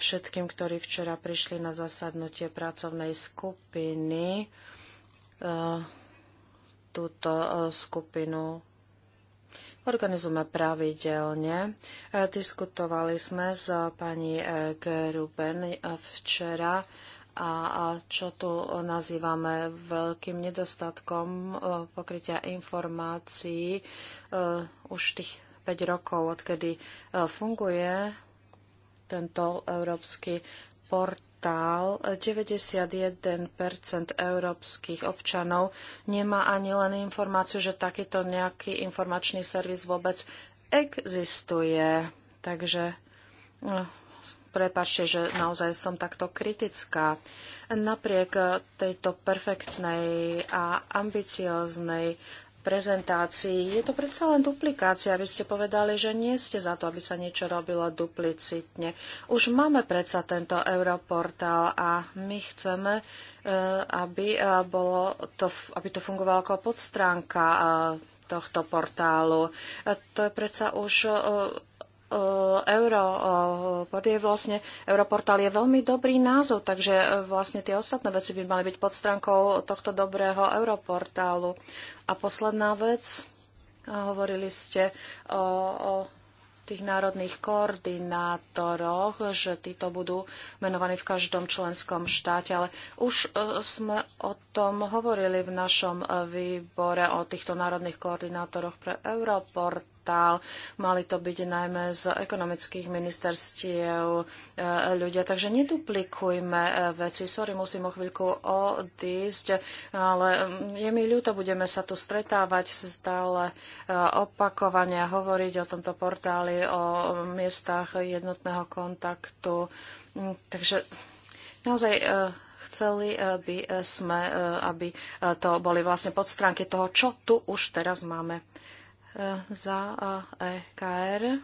všetkým, ktorí včera prišli na zasadnutie pracovnej skupiny. E, túto e, skupinu organizujeme pravidelne. Diskutovali sme s pani Gruben včera a čo tu nazývame veľkým nedostatkom pokrytia informácií už tých 5 rokov, odkedy e, funguje tento európsky portál. 91% európskych občanov nemá ani len informáciu, že takýto nejaký informačný servis vôbec existuje. Takže e, prepačte, že naozaj som takto kritická. Napriek tejto perfektnej a ambicioznej prezentácii. Je to predsa len duplikácia. Vy ste povedali, že nie ste za to, aby sa niečo robilo duplicitne. Už máme predsa tento europortál a my chceme, eh, aby, eh, bolo to, aby to fungovalo ako podstránka eh, tohto portálu. To je predsa už euro, je vlastne, Europortál je veľmi dobrý názov, takže vlastne tie ostatné veci by mali byť pod stránkou tohto dobrého Europortálu. A posledná vec, hovorili ste o, o tých národných koordinátoroch, že títo budú menovaní v každom členskom štáte, ale už e, sme o tom hovorili v našom e, výbore o týchto národných koordinátoroch pre Europort portál. Mali to byť najmä z ekonomických ministerstiev e, ľudia. Takže neduplikujme e, veci. Sorry, musím o chvíľku odísť, ale mm, je mi ľúto, budeme sa tu stretávať stále e, opakovania, hovoriť o tomto portáli, o miestach jednotného kontaktu. Mm, takže naozaj chceli by sme, aby to boli vlastne podstránky toho, čo tu už teraz máme za EKR.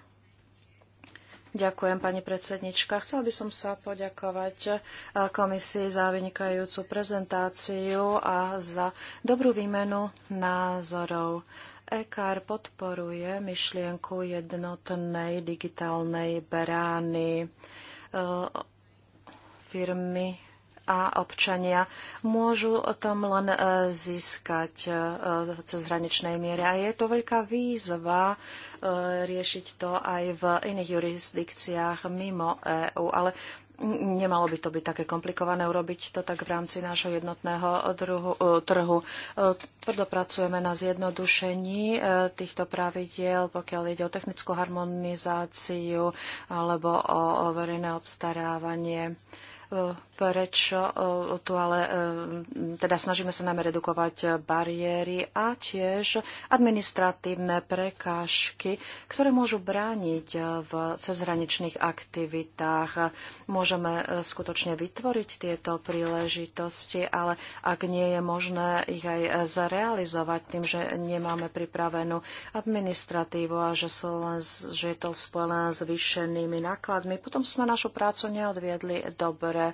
Ďakujem, pani predsednička. Chcela by som sa poďakovať komisii za vynikajúcu prezentáciu a za dobrú výmenu názorov. EKR podporuje myšlienku jednotnej digitálnej berány e, firmy a občania môžu o tom len e, získať v e, cezhraničnej miere. A je to veľká výzva e, riešiť to aj v iných jurisdikciách mimo EÚ. Ale nemalo by to byť také komplikované urobiť to tak v rámci nášho jednotného druhu, trhu. Tvrdopracujeme na zjednodušení týchto pravidiel, pokiaľ ide o technickú harmonizáciu alebo o verejné obstarávanie. Prečo e, tu ale e, teda snažíme sa najmä redukovať bariéry a tiež administratívne prekážky, ktoré môžu brániť v cezhraničných aktivitách. Môžeme e, skutočne vytvoriť tieto príležitosti, ale ak nie je možné ich aj zrealizovať tým, že nemáme pripravenú administratívu a že, sú len, že je to spojené s vyššenými nákladmi, potom sme našu prácu neodviedli dobre dobré.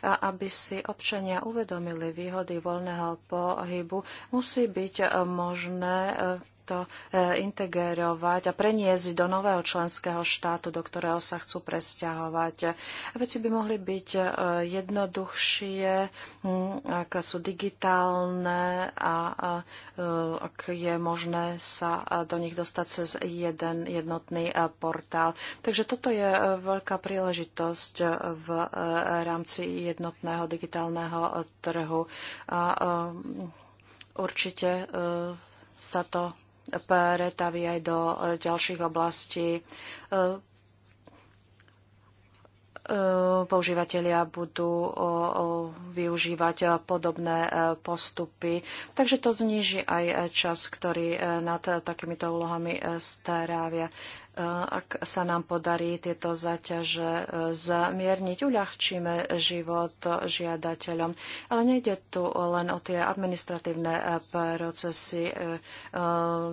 A aby si občania uvedomili výhody voľného pohybu, musí byť eh, možné eh, takto e, integrovať a preniesť do nového členského štátu, do ktorého sa chcú presťahovať. Veci by mohli byť e, jednoduchšie, mm, ak sú digitálne a e, ak je možné sa do nich dostať cez jeden jednotný portál. Takže toto je veľká príležitosť v rámci jednotného digitálneho trhu. A určite sa to pretaví aj do e, ďalších oblastí e, e, používateľia budú využívať podobné postupy. Takže to zníži aj čas, ktorý nad takýmito úlohami strávia ak sa nám podarí tieto zaťaže e, zmierniť, uľahčíme život žiadateľom. Ale nejde tu len o tie administratívne e, procesy. E,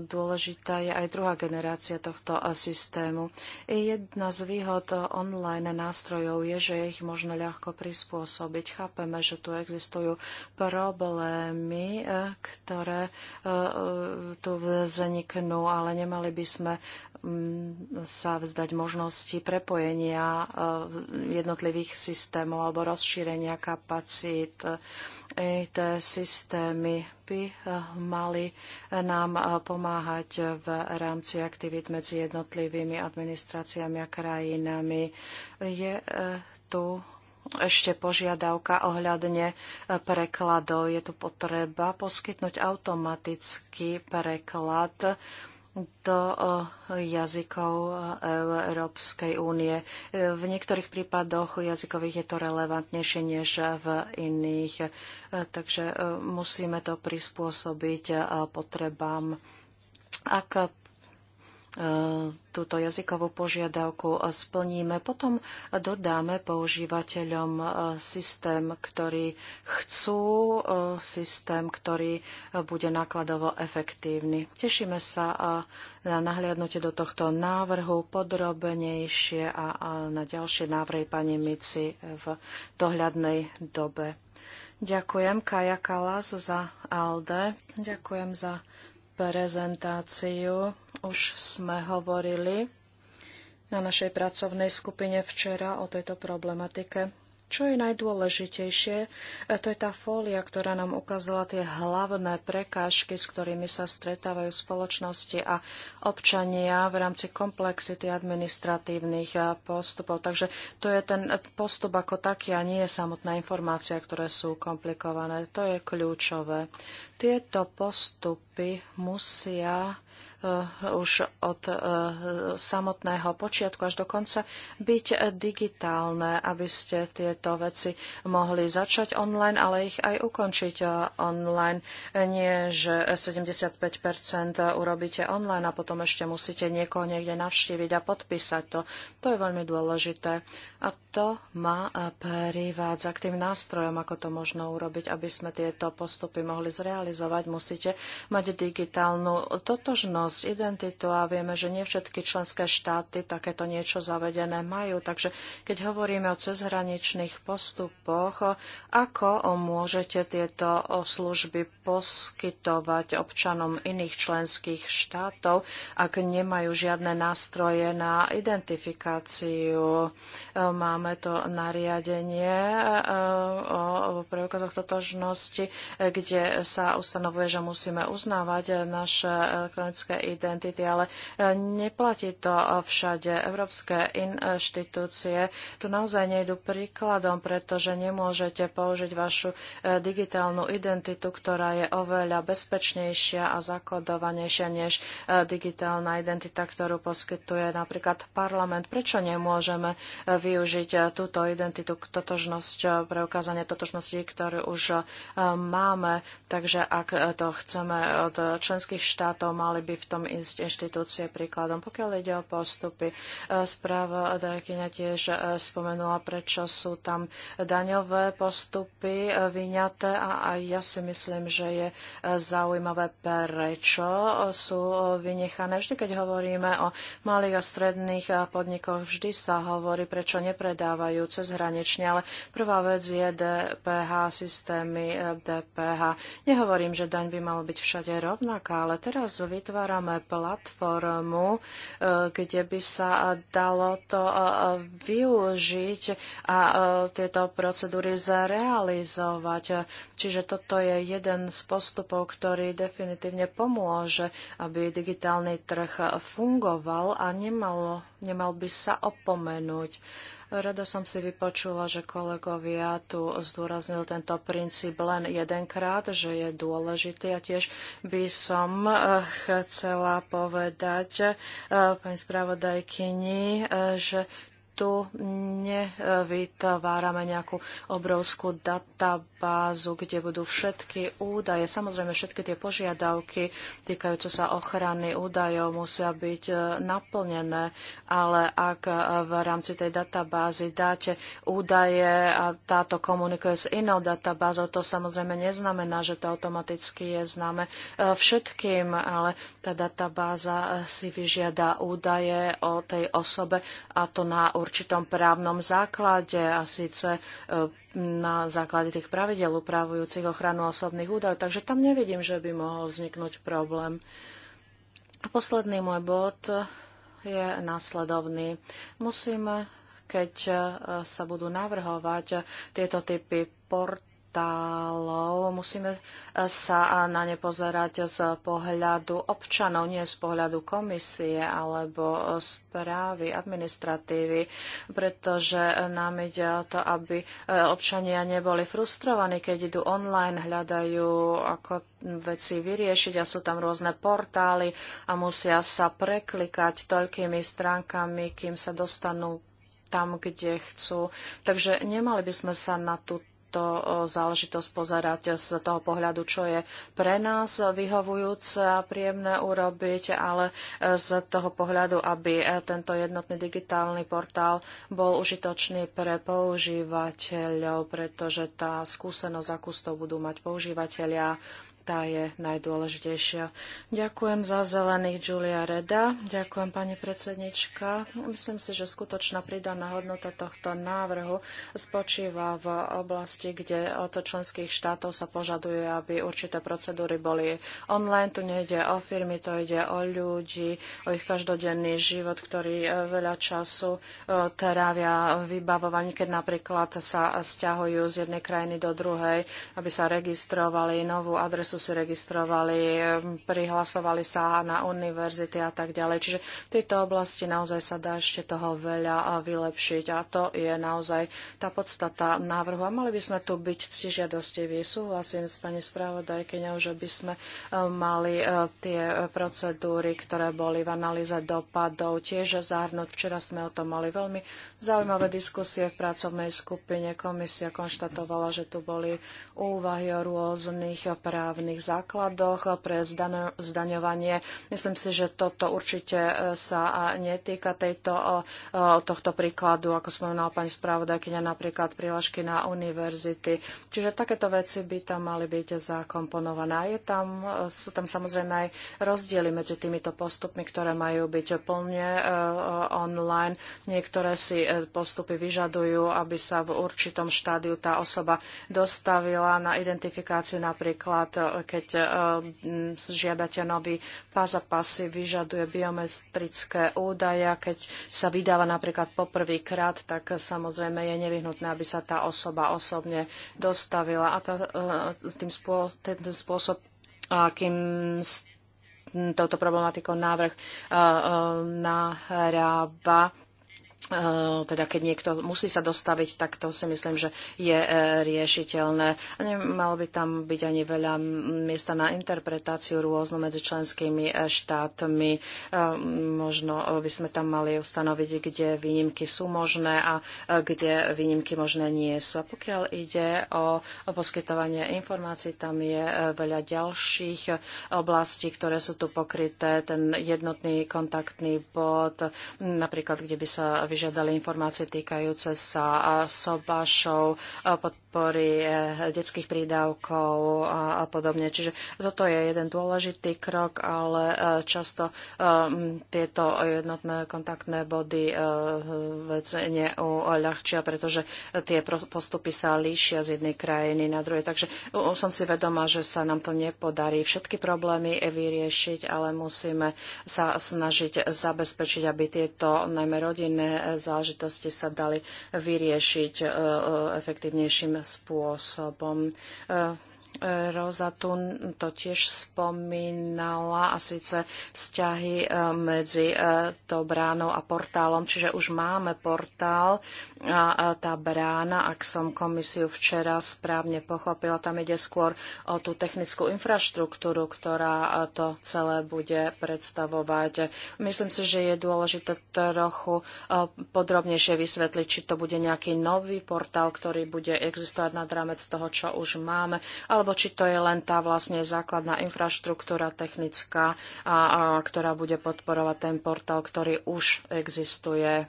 dôležitá je aj druhá generácia tohto systému. Jedna z výhod online nástrojov je, že ich možno ľahko prispôsobiť. Chápeme, že tu existujú problémy, ktoré tu vzniknú, ale nemali by sme Mm, sa vzdať možnosti prepojenia e, jednotlivých systémov alebo rozšírenia kapacít. Tie systémy by e, mali nám e, pomáhať v rámci aktivít medzi jednotlivými administráciami a krajinami. Je tu ešte požiadavka ohľadne prekladov. Je tu potreba poskytnúť automatický preklad do jazykov Európskej únie. V niektorých prípadoch jazykových je to relevantnejšie než v iných, e, takže e, musíme to prispôsobiť e, potrebám ak túto jazykovú požiadavku splníme. Potom dodáme používateľom e, systém, ktorý chcú, e, systém, ktorý bude nákladovo efektívny. Tešíme sa e, na nahliadnutie do tohto návrhu podrobnejšie a na ďalšie návrhy pani Mici v dohľadnej dobe. Ďakujem Kaja Kalas za ALDE. Ďakujem za prezentáciu. Už sme hovorili na našej pracovnej skupine včera o tejto problematike. Čo je najdôležitejšie, e, to je tá fólia, ktorá nám ukázala tie hlavné prekážky, s ktorými sa stretávajú spoločnosti a občania v rámci komplexity administratívnych e, postupov. Takže to je ten postup ako taký a nie je samotná informácia, ktoré sú komplikované. To je kľúčové. Tieto postupy musia Eh, už od eh, samotného počiatku až do konca byť digitálne, aby ste tieto veci mohli začať online, ale ich aj ukončiť eh, online. Nie, že 75 urobíte online a potom ešte musíte niekoho niekde navštíviť a podpísať to. To je veľmi dôležité. A to má privádza k tým nástrojom, ako to možno urobiť, aby sme tieto postupy mohli zrealizovať. Musíte mať digitálnu totožnosť možnosť, identitu a vieme, že nie všetky členské štáty takéto niečo zavedené majú. Takže keď hovoríme o cezhraničných postupoch, ako môžete tieto služby poskytovať občanom iných členských štátov, ak nemajú žiadne nástroje na identifikáciu? Máme to nariadenie eh, o preukazoch totožnosti, eh, kde sa ustanovuje, že musíme uznávať eh, naše elektronické národské identity, ale e, neplatí to e, všade. Európske inštitúcie tu naozaj nejdu príkladom, pretože nemôžete použiť vašu e, digitálnu identitu, ktorá je oveľa bezpečnejšia a zakodovanejšia než digitálna identita, ktorú poskytuje napríklad parlament. Prečo nemôžeme využiť túto identitu, totožnosť, pre ukázanie totožnosti, ktorú už máme? Takže ak to chceme od členských štátov, mali by v tom ísť inštitúcie príkladom. Pokiaľ ide o postupy, eh, správa Dajkyňa tiež eh, spomenula, prečo sú tam daňové postupy eh, vyňaté a aj ja si myslím, že je zaujímavé, prečo sú vynechané. Vždy, keď hovoríme o malých a stredných podnikoch, vždy sa hovorí, prečo nepredávajú cez hranične, ale prvá vec je DPH, systémy DPH. Nehovorím, že daň by mal byť všade rovnaká, ale teraz vy vytvárame platformu, e, kde by sa dalo to e, využiť a e, tieto procedúry zrealizovať. Čiže toto je jeden z postupov, ktorý definitívne pomôže, aby digitálny trh fungoval a nemal, nemal by sa opomenúť. Rada som si vypočula, že kolegovia tu zdôraznil tento princíp len jedenkrát, že je dôležitý a tiež by som eh, chcela povedať eh, pani spravodajkyni, eh, že tu nevytvárame nejakú obrovskú databázu databázu, kde budú všetky údaje. Samozrejme, všetky tie požiadavky týkajúce sa ochrany údajov musia byť e, naplnené, ale ak e, v rámci tej databázy dáte údaje a táto komunikuje s inou databázou, to samozrejme neznamená, že to automaticky je známe e, všetkým, ale tá databáza si vyžiada údaje o tej osobe a to na určitom právnom základe a síce na základe tých pravidel pravidel upravujúcich ochranu osobných údajov, takže tam nevidím, že by mohol vzniknúť problém. A posledný môj bod je následovný. Musíme keď eh, sa budú navrhovať tieto typy port, škandálov. Musíme eh, sa eh, na ne pozerať z pohľadu občanov, nie z pohľadu komisie alebo eh, správy, administratívy, pretože nám ide o to, aby občania neboli frustrovaní, keď idú online, hľadajú, ako veci vyriešiť a sú tam rôzne portály a musia sa preklikať toľkými stránkami, kým sa dostanú tam, kde chcú. Takže nemali by sme sa na túto túto e, záležitosť pozerať z toho pohľadu, čo je pre nás vyhovujúce a príjemné urobiť, ale e, z toho pohľadu, aby e, tento jednotný digitálny portál bol užitočný pre používateľov, pretože tá skúsenosť, akú s tou budú mať používateľia, tá je najdôležitejšia. Ďakujem za zelených Julia Reda. Ďakujem pani predsednička. Myslím si, že skutočná pridaná hodnota tohto návrhu spočíva v oblasti, kde od členských štátov sa požaduje, aby určité procedúry boli online. Tu nejde o firmy, to ide o ľudí, o ich každodenný život, ktorý e, veľa času e, trávia vybavovaní, keď napríklad sa stiahujú z jednej krajiny do druhej, aby sa registrovali novú adresu času si registrovali, prihlasovali sa na univerzity a tak ďalej. Čiže v tejto oblasti naozaj sa dá ešte toho veľa vylepšiť a to je naozaj tá podstata návrhu. A mali by sme tu byť ctižiadostiví. Súhlasím s pani spravodajkyňou, že by sme mali e, tie procedúry, ktoré boli v analýze dopadov, tiež zahrnúť. Včera sme o tom mali veľmi zaujímavé diskusie v pracovnej skupine. Komisia konštatovala, že tu boli úvahy o rôznych právnych stanovených základoch pre zdaňovanie. Myslím si, že toto určite e, sa e, netýka tejto, e, tohto príkladu, ako spomínala pani spravodajkyňa, napríklad prílažky na univerzity. Čiže takéto veci by tam mali byť zakomponované. Je tam, sú tam samozrejme aj rozdiely medzi týmito postupmi, ktoré majú byť plne online. Niektoré si postupy vyžadujú, aby sa v určitom štádiu tá osoba dostavila na identifikáciu napríklad keď eh, mm, žiadate nový pás a pas si vyžaduje biometrické údaje. Keď sa vydáva napríklad poprvýkrát, tak eh, samozrejme je nevyhnutné, aby sa tá osoba osobne dostavila. A tá, eh, tým spô, ten spôsob, akým touto problematikou návrh nahrába. Eh, teda keď niekto musí sa dostaviť, tak to si myslím, že je eh, riešiteľné. Malo by tam byť ani veľa miesta na interpretáciu rôzno medzi členskými eh, štátmi. Možno by sme tam mali ustanoviť, kde výnimky sú možné a kde výnimky možné nie sú. A pokiaľ ide o poskytovanie informácií, tam je veľa ďalších oblastí, ktoré sú tu pokryté. Ten jednotný kontaktný bod, napríklad, kde by sa vyžiadali informácie týkajúce sa sobašov, podpory eh, detských prídavkov a, a podobne. Čiže toto je jeden dôležitý krok, ale eh, často eh, tieto jednotné kontaktné body vec neuľahčia, pretože tie postupy sa líšia z jednej krajiny na druhej. Takže som si vedomá, že sa nám to nepodarí všetky problémy vyriešiť, ale musíme sa snažiť zabezpečiť, aby tieto najmä rodinné záležitosti sa dali vyriešiť efektívnejším spôsobom. E, Roza tu to tiež spomínala a síce vzťahy e, medzi e, tou bránou a portálom, čiže už máme portál a tá brána, ak som komisiu včera správne pochopila, tam ide skôr o tú technickú infraštruktúru, ktorá e, to celé bude predstavovať. Myslím si, že je dôležité trochu podrobnejšie vysvetliť, či to bude nejaký nový portál, ktorý bude existovať nad rámec toho, čo už máme, alebo alebo či to je len tá vlastne základná infraštruktúra technická, a, a, ktorá bude podporovať ten portál, ktorý už existuje.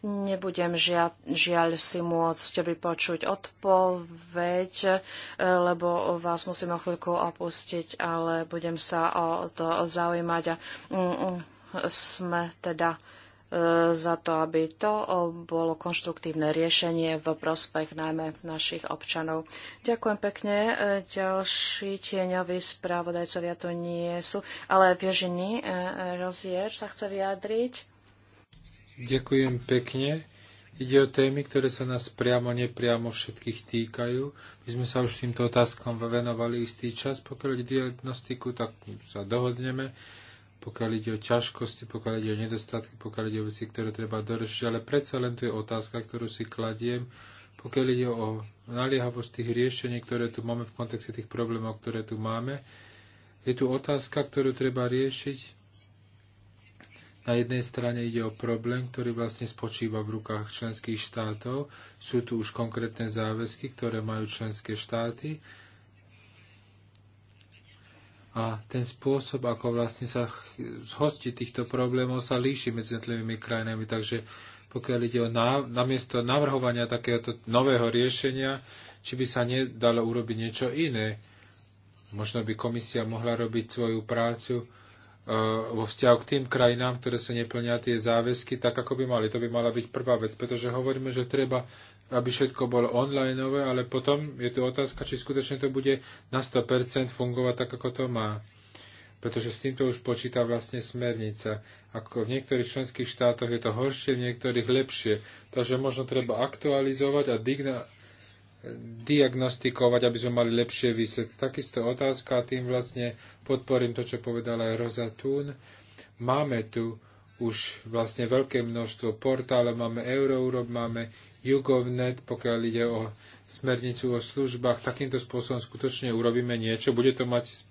Nebudem žia, žiaľ si môcť vypočuť odpoveď, e, lebo vás musím o chvíľku opustiť, ale budem sa o to zaujímať a mm, mm, sme teda za to, aby to bolo konštruktívne riešenie v prospech najmä našich občanov. Ďakujem pekne. E, ďalší tieňoví správodajcovia tu nie sú, ale Viežiny e, Rozier sa chce vyjadriť. Ďakujem pekne. Ide o témy, ktoré sa nás priamo, nepriamo všetkých týkajú. My sme sa už týmto otázkom venovali istý čas. Pokiaľ diagnostiku, tak sa dohodneme pokiaľ ide o ťažkosti, pokiaľ ide o nedostatky, pokiaľ ide o veci, ktoré treba doriešiť, ale predsa len tu je otázka, ktorú si kladiem, pokiaľ ide o naliehavosť tých riešení, ktoré tu máme v kontexte tých problémov, ktoré tu máme, je tu otázka, ktorú treba riešiť. Na jednej strane ide o problém, ktorý vlastne spočíva v rukách členských štátov. Sú tu už konkrétne záväzky, ktoré majú členské štáty a ten spôsob, ako vlastne sa zhosti týchto problémov, sa líši medzi jednotlivými krajinami. Takže pokiaľ ide o na, namiesto navrhovania takéhoto nového riešenia, či by sa nedalo urobiť niečo iné. Možno by komisia mohla robiť svoju prácu e, vo vzťahu k tým krajinám, ktoré sa neplnia tie záväzky, tak ako by mali. To by mala byť prvá vec, pretože hovoríme, že treba aby všetko bolo onlineové, ale potom je tu otázka, či skutočne to bude na 100% fungovať tak, ako to má. Pretože s týmto už počíta vlastne smernica. Ako v niektorých členských štátoch je to horšie, v niektorých lepšie. Takže možno treba aktualizovať a digna- diagnostikovať, aby sme mali lepšie výsledky. Takisto otázka, a tým vlastne podporím to, čo povedala aj Rosa Thun. Máme tu už vlastne veľké množstvo portálov, máme Eurourop, máme Jugovnet, pokiaľ ide o smernicu o službách, takýmto spôsobom skutočne urobíme niečo, bude to mať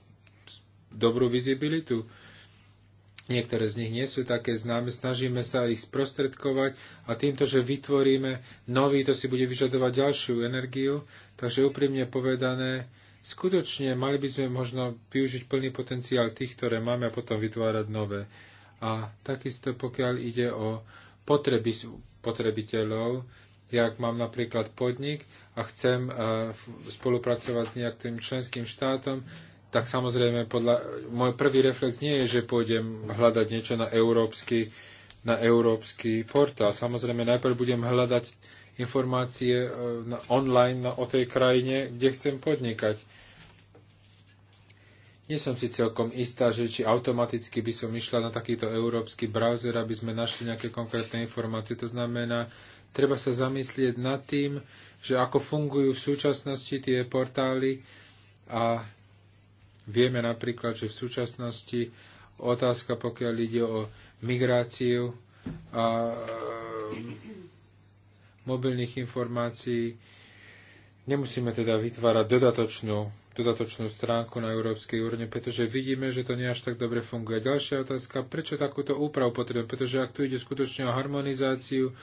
dobrú vizibilitu. Niektoré z nich nie sú také známe, snažíme sa ich sprostredkovať a týmto, že vytvoríme nový, to si bude vyžadovať ďalšiu energiu, takže úprimne povedané, skutočne mali by sme možno využiť plný potenciál tých, ktoré máme a potom vytvárať nové. A takisto pokiaľ ide o potreby spotrebiteľov, ja mám napríklad podnik a chcem e, spolupracovať s nejakým členským štátom, tak samozrejme podľa, môj prvý reflex nie je, že pôjdem hľadať niečo na európsky, na európsky portál. Samozrejme najprv budem hľadať informácie e, online o tej krajine, kde chcem podnikať. Nie som si celkom istá, že či automaticky by som išla na takýto európsky browser, aby sme našli nejaké konkrétne informácie. To znamená, treba sa zamyslieť nad tým, že ako fungujú v súčasnosti tie portály a vieme napríklad, že v súčasnosti otázka, pokiaľ ide o migráciu a e, mobilných informácií, nemusíme teda vytvárať dodatočnú dodatočnú stránku na európskej úrovni, pretože vidíme, že to nie až tak dobre funguje. Ďalšia otázka, prečo takúto úpravu potrebujeme? Pretože ak tu ide skutočne o harmonizáciu,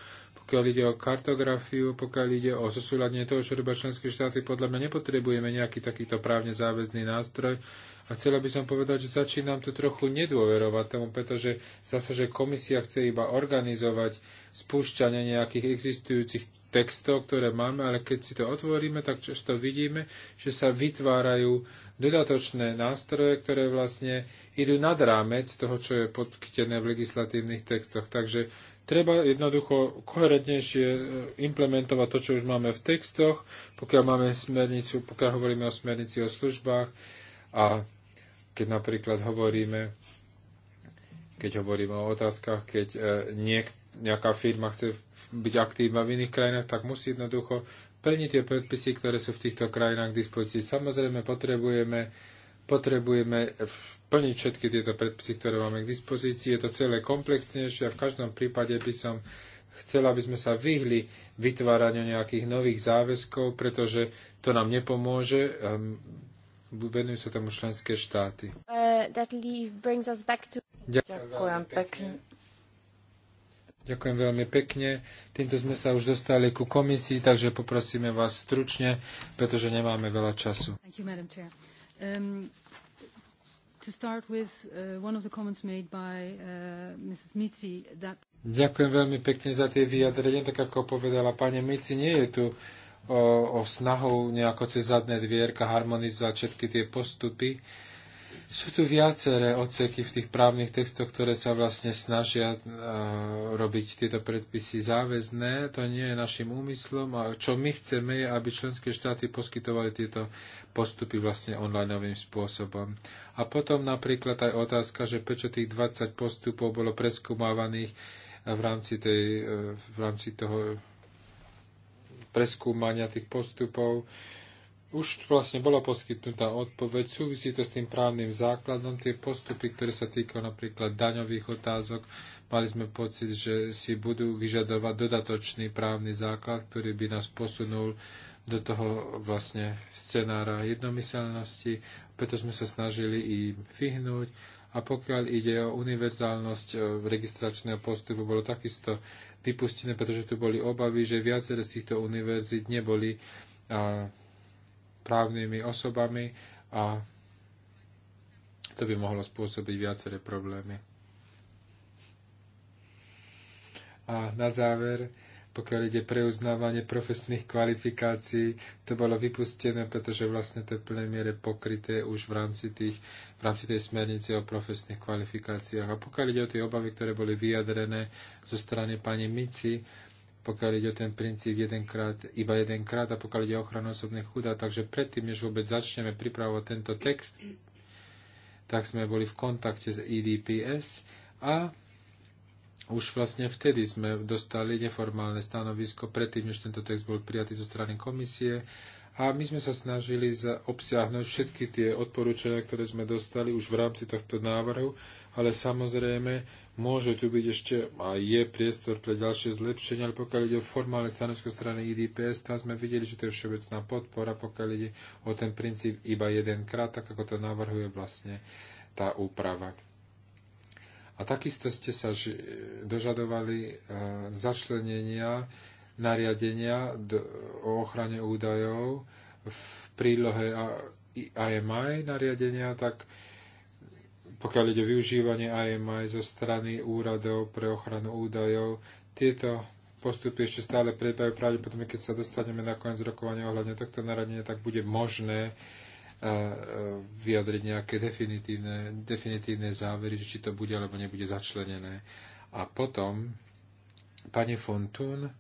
pokiaľ ide o kartografiu, pokiaľ ide o zosúľadenie toho, čo robia členské štáty, podľa mňa nepotrebujeme nejaký takýto právne záväzný nástroj. A chcela by som povedať, že začínam tu trochu nedôverovať tomu, pretože zase, že komisia chce iba organizovať spúšťanie nejakých existujúcich textov, ktoré máme, ale keď si to otvoríme, tak často vidíme, že sa vytvárajú dodatočné nástroje, ktoré vlastne idú nad rámec toho, čo je podkytené v legislatívnych textoch. Takže treba jednoducho koherentnejšie e, implementovať to, čo už máme v textoch, pokiaľ máme smernicu, pokiaľ hovoríme o smernici o službách a keď napríklad hovoríme, keď hovoríme o otázkach, keď e, niekto nejaká firma chce byť aktívna v iných krajinách, tak musí jednoducho plniť tie predpisy, ktoré sú v týchto krajinách k dispozícii. Samozrejme, potrebujeme, potrebujeme plniť všetky tieto predpisy, ktoré máme k dispozícii. Je to celé komplexnejšie a v každom prípade by som chcel, aby sme sa vyhli vytváraniu nejakých nových záväzkov, pretože to nám nepomôže. Ehm, venujú sa tomu členské štáty. Uh, to... Ďakujem, Ďakujem pekne. Ďakujem veľmi pekne. Týmto sme sa už dostali ku komisii, takže poprosíme vás stručne, pretože nemáme veľa času. You, um, uh, uh, Ďakujem veľmi pekne za tie vyjadrenie, Tak ako povedala pani Mici, nie je tu o, uh, o snahu nejako cez zadné dvierka harmonizovať všetky tie postupy. Uh, sú tu viaceré odseky v tých právnych textoch, ktoré sa vlastne snažia e, robiť tieto predpisy záväzné. To nie je našim úmyslom a čo my chceme je, aby členské štáty poskytovali tieto postupy vlastne onlineovým spôsobom. A potom napríklad aj otázka, že prečo tých 20 postupov bolo preskúmavaných v rámci, tej, e, v rámci toho preskúmania tých postupov. E, už vlastne bola poskytnutá odpoveď, súvisí to s tým právnym základom, tie postupy, ktoré sa týkajú napríklad daňových otázok, mali sme pocit, že si budú vyžadovať dodatočný právny základ, ktorý by nás posunul do toho vlastne scenára jednomyselnosti, preto sme sa snažili im vyhnúť. A pokiaľ ide o univerzálnosť e, registračného postupu, bolo takisto vypustené, pretože tu boli obavy, že viaceré z týchto univerzít neboli a, právnymi osobami a to by mohlo spôsobiť viaceré problémy. A na záver, pokiaľ ide preuznávanie profesných kvalifikácií, to bolo vypustené, pretože vlastne to je v plnej miere pokryté už v rámci, tých, v rámci tej smernice o profesných kvalifikáciách. A pokiaľ ide o tie obavy, ktoré boli vyjadrené zo strany pani Mici, pokiaľ ide o ten princíp jedenkrát, iba jedenkrát a pokiaľ ide o ochranu osobných chudá. Takže predtým, než vôbec začneme pripravovať tento text, tak sme boli v kontakte s EDPS a už vlastne vtedy sme dostali neformálne stanovisko, predtým, než tento text bol prijatý zo strany komisie. A my sme sa snažili obsiahnuť všetky tie odporúčania, ktoré sme dostali už v rámci tohto návrhu ale samozrejme môže tu byť ešte a je priestor pre ďalšie zlepšenia, ale pokiaľ ide o formálne stanovisko strany IDPS, tam sme videli, že to je všeobecná podpora, pokiaľ ide o ten princíp iba jedenkrát, tak ako to navrhuje vlastne tá úprava. A takisto ste sa dožadovali e, začlenenia nariadenia do, o ochrane údajov v prílohe AMI nariadenia, tak e, pokiaľ ide o využívanie IMI zo strany úradov pre ochranu údajov, tieto postupy ešte stále prebiehajú pravdepodobne, keď sa dostaneme na koniec rokovania ohľadne tohto naradenia, tak bude možné e, e, vyjadriť nejaké definitívne, definitívne závery, že či to bude alebo nebude začlenené. A potom pani Fontún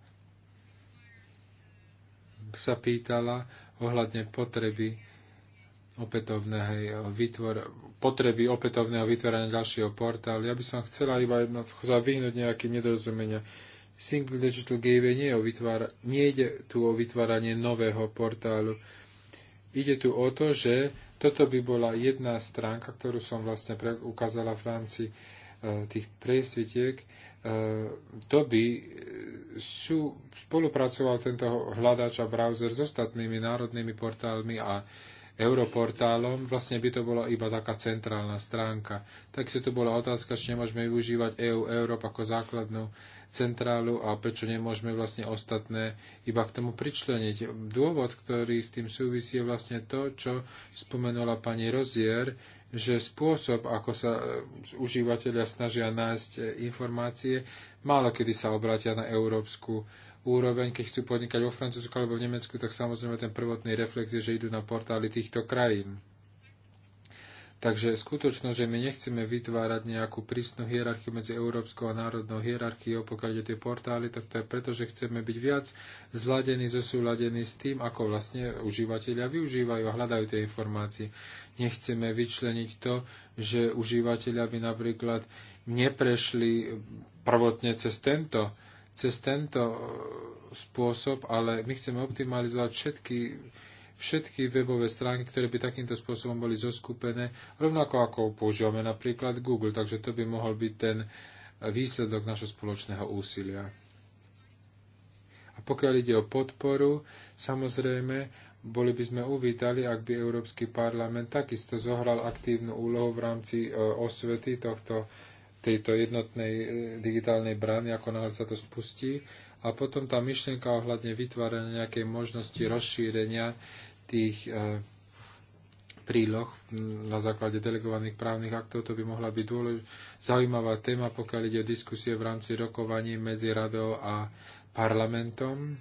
sa pýtala ohľadne potreby opätovného vytvor- potreby opätovného vytvárania ďalšieho portálu. Ja by som chcela iba sa vyhnúť nejakým nedorozumenia. Single Digital Gateway nie, je o vytvára- nie ide tu o vytváranie nového portálu. Ide tu o to, že toto by bola jedna stránka, ktorú som vlastne pre- ukázala v rámci e, tých presvitiek. E, to by e, sú, spolupracoval tento hľadač a browser s ostatnými národnými portálmi a e, europortálom, vlastne by to bola iba taká centrálna stránka. Tak si to bola otázka, či nemôžeme využívať EU Európ ako základnú centrálu a prečo nemôžeme vlastne ostatné iba k tomu pričleniť. Dôvod, ktorý s tým súvisí, je vlastne to, čo spomenula pani Rozier, že spôsob, ako sa e, užívateľia snažia nájsť e, informácie, málo kedy sa obrátia na Európsku úroveň, keď chcú podnikať vo Francúzsku alebo v Nemecku, tak samozrejme ten prvotný reflex je, že idú na portály týchto krajín. Takže skutočno, že my nechceme vytvárať nejakú prísnu hierarchiu medzi európskou a národnou hierarchiou, pokiaľ ide tie portály, tak to je preto, že chceme byť viac zladení, zosúladení s tým, ako vlastne užívateľia využívajú a hľadajú tie informácie. Nechceme vyčleniť to, že užívateľia by napríklad neprešli prvotne cez tento cez tento e, spôsob, ale my chceme optimalizovať všetky, všetky webové stránky, ktoré by takýmto spôsobom boli zoskupené, rovnako ako používame napríklad Google, takže to by mohol byť ten výsledok našho spoločného úsilia. A pokiaľ ide o podporu, samozrejme, boli by sme uvítali, ak by Európsky parlament takisto zohral aktívnu úlohu v rámci e, osvety tohto tejto jednotnej e, digitálnej brány, ako náhle sa to spustí. A potom tá myšlienka ohľadne vytvárania nejakej možnosti rozšírenia tých e, príloh na základe delegovaných právnych aktov, to by mohla byť dôlež- zaujímavá téma, pokiaľ ide o diskusie v rámci rokovaní medzi radou a parlamentom.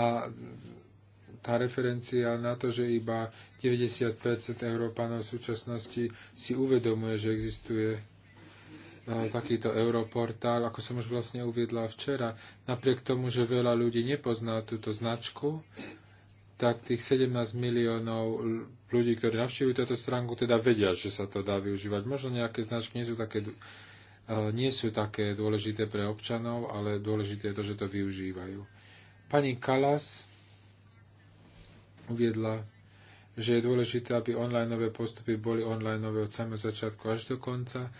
A tá referencia na to, že iba 90% Európanov v súčasnosti si uvedomuje, že existuje e, takýto europortál, ako som už vlastne uviedla včera. Napriek tomu, že veľa ľudí nepozná túto značku, tak tých 17 miliónov ľudí, ktorí navštívujú túto stránku, teda vedia, že sa to dá využívať. Možno nejaké značky nie sú také, e, nie sú také dôležité pre občanov, ale dôležité je to, že to využívajú. Pani Kalas uviedla, že je dôležité, aby onlineové postupy boli onlineové od samého začiatku až do konca.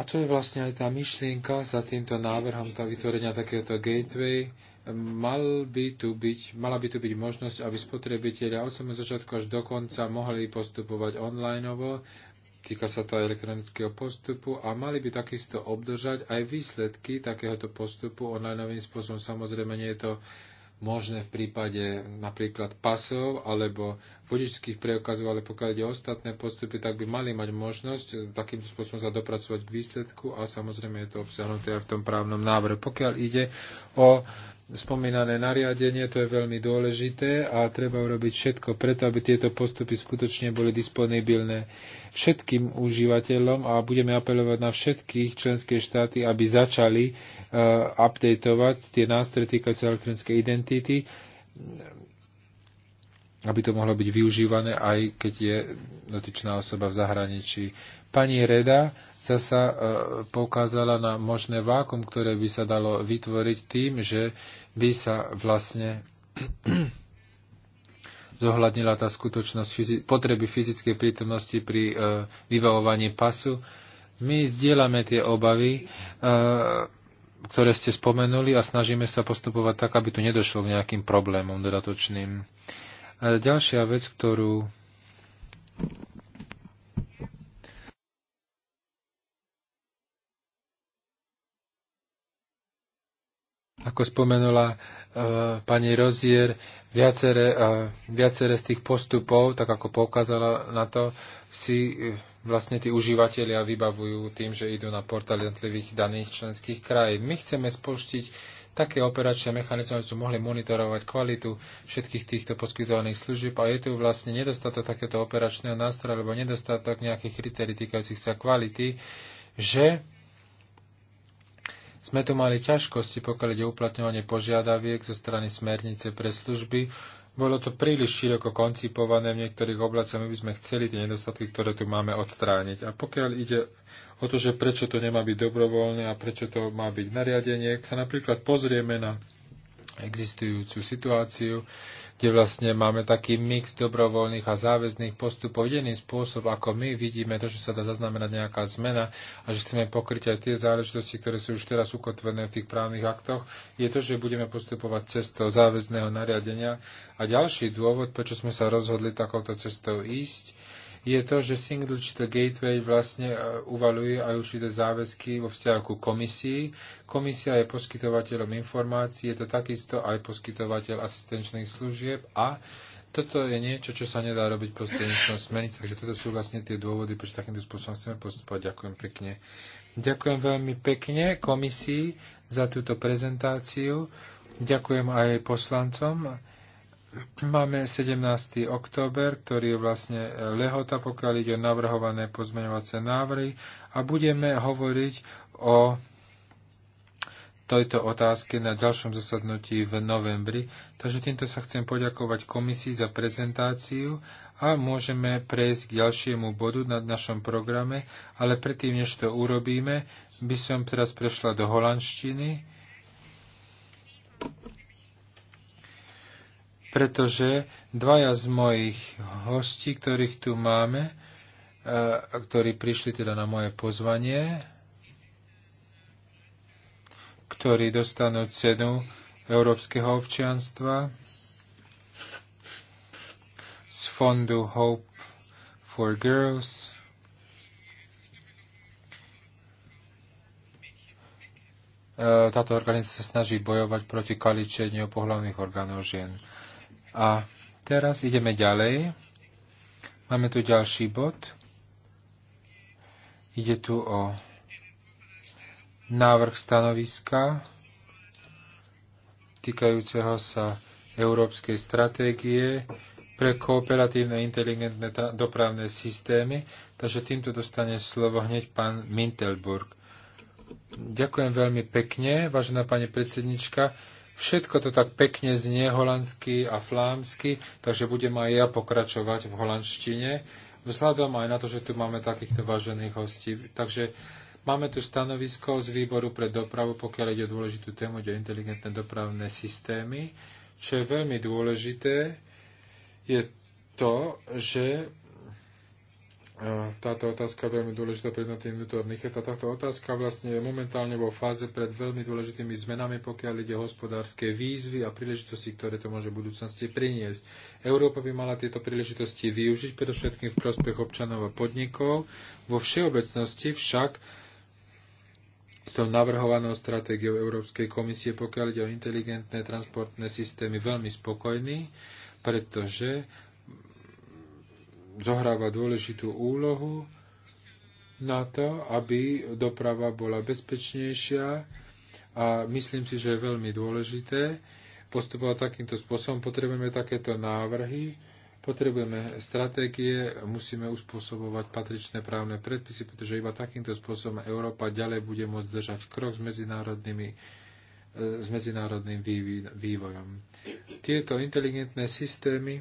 A to je vlastne aj tá myšlienka za týmto návrhom tá vytvorenia takéhoto gateway. Mal by tu byť, mala by tu byť možnosť, aby spotrebitelia od samého začiatku až do konca mohli postupovať onlineovo, týka sa to aj elektronického postupu a mali by takisto obdržať aj výsledky takéhoto postupu onlineovým spôsobom. Samozrejme nie je to možné v prípade napríklad pasov alebo vodičských preukazov, ale pokiaľ ide ostatné postupy, tak by mali mať možnosť eh, takýmto spôsobom sa dopracovať k výsledku a samozrejme je to obsahnuté aj v tom právnom návrhu. Pokiaľ ide o spomínané nariadenie, to je veľmi dôležité a treba urobiť všetko preto, aby tieto postupy skutočne boli disponibilné všetkým užívateľom a budeme apelovať na všetkých členské štáty, aby začali uh, updateovať tie nástroje týkajúce elektronickej identity, aby to mohlo byť využívané aj keď je dotyčná osoba v zahraničí. Pani Reda zasa e, poukázala na možné vákum, ktoré by sa dalo vytvoriť tým, že by sa vlastne zohľadnila tá skutočnosť potreby fyzickej prítomnosti pri e, vybavovaní pasu. My zdieľame tie obavy, e, ktoré ste spomenuli a snažíme sa postupovať tak, aby tu nedošlo k nejakým problémom dodatočným. E, ďalšia vec, ktorú Ako spomenula e, pani Rozier, viacere, e, viacere z tých postupov, tak ako poukázala na to, si e, vlastne tí užívateľia vybavujú tým, že idú na portál jednotlivých daných členských krajín. My chceme spoštiť také operačné mechanizmy, aby sme mohli monitorovať kvalitu všetkých týchto poskytovaných služieb a je tu vlastne nedostatok takéto operačného nástroja alebo nedostatok nejakých kritérií týkajúcich sa kvality, že sme tu mali ťažkosti, pokiaľ ide uplatňovanie požiadaviek zo strany smernice pre služby. Bolo to príliš široko koncipované v niektorých oblastiach, my by sme chceli tie nedostatky, ktoré tu máme, odstrániť. A pokiaľ ide o to, že prečo to nemá byť dobrovoľné a prečo to má byť nariadenie, sa napríklad pozrieme na existujúcu situáciu, kde vlastne máme taký mix dobrovoľných a záväzných postupov. Jediný spôsob, ako my vidíme to, že sa dá zaznamenať nejaká zmena a že chceme pokryť aj tie záležitosti, ktoré sú už teraz ukotvené v tých právnych aktoch, je to, že budeme postupovať cestou záväzného nariadenia. A ďalší dôvod, prečo sme sa rozhodli takouto cestou ísť, je to, že Single Digital Gateway vlastne e, uvaluje aj určité záväzky vo vzťahu ku komisii. Komisia je poskytovateľom informácií, je to takisto aj poskytovateľ asistenčných služieb a toto je niečo, čo sa nedá robiť prostredníctvom smerníc, takže toto sú vlastne tie dôvody, prečo takýmto spôsobom chceme postupovať. Ďakujem pekne. Ďakujem veľmi pekne komisii za túto prezentáciu. Ďakujem aj poslancom. Máme 17. október, ktorý je vlastne e, lehota, pokiaľ ide o navrhované pozmeňovacie návrhy a budeme hovoriť o tejto otázke na ďalšom zasadnutí v novembri. Takže týmto sa chcem poďakovať komisii za prezentáciu a môžeme prejsť k ďalšiemu bodu na našom programe, ale predtým, než to urobíme, by som teraz prešla do holandštiny pretože dvaja z mojich hostí, ktorých tu máme, e, ktorí prišli teda na moje pozvanie, ktorí dostanú cenu európskeho občianstva z fondu Hope for Girls. E, táto organizácia sa snaží bojovať proti kaličeniu pohľavných orgánov žien. A teraz ideme ďalej. Máme tu ďalší bod. Ide tu o návrh stanoviska týkajúceho sa európskej stratégie pre kooperatívne inteligentné dopravné systémy. Takže týmto dostane slovo hneď pán Mintelburg. Ďakujem veľmi pekne, vážená pani predsednička. Všetko to tak pekne znie holandsky a flámsky, takže budem aj ja pokračovať v holandštine, vzhľadom aj na to, že tu máme takýchto vážených hostí. Takže máme tu stanovisko z výboru pre dopravu, pokiaľ ide o dôležitú tému, ide o inteligentné dopravné systémy. Čo je veľmi dôležité, je to, že táto otázka je veľmi dôležitá pre jednotlivých vnútorných. A táto otázka vlastne je momentálne vo fáze pred veľmi dôležitými zmenami, pokiaľ ide o hospodárske výzvy a príležitosti, ktoré to môže v budúcnosti priniesť. Európa by mala tieto príležitosti využiť predovšetkým v prospech občanov a podnikov. Vo všeobecnosti však s tou navrhovanou stratégiou Európskej komisie, pokiaľ ide o inteligentné transportné systémy, veľmi spokojný, pretože zohráva dôležitú úlohu na to, aby doprava bola bezpečnejšia a myslím si, že je veľmi dôležité postupovať takýmto spôsobom. Potrebujeme takéto návrhy, potrebujeme stratégie, musíme uspôsobovať patričné právne predpisy, pretože iba takýmto spôsobom Európa ďalej bude môcť držať krok s, medzinárodnými, e, s medzinárodným vývojom. Tieto inteligentné systémy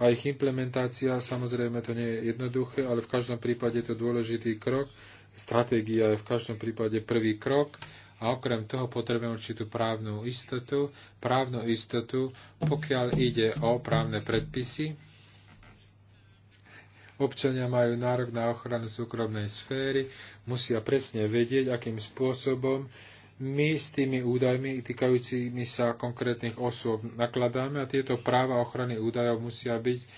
a ich implementácia, samozrejme to nie je jednoduché, ale v každom prípade je to dôležitý krok. Stratégia je v každom prípade prvý krok a okrem toho potrebujeme určitú právnu istotu, právnu istotu, pokiaľ ide o právne predpisy. Občania majú nárok na ochranu súkromnej sféry, musia presne vedieť, akým spôsobom my s tými údajmi týkajúcimi sa konkrétnych osôb nakladáme a tieto práva ochrany údajov musia byť eh,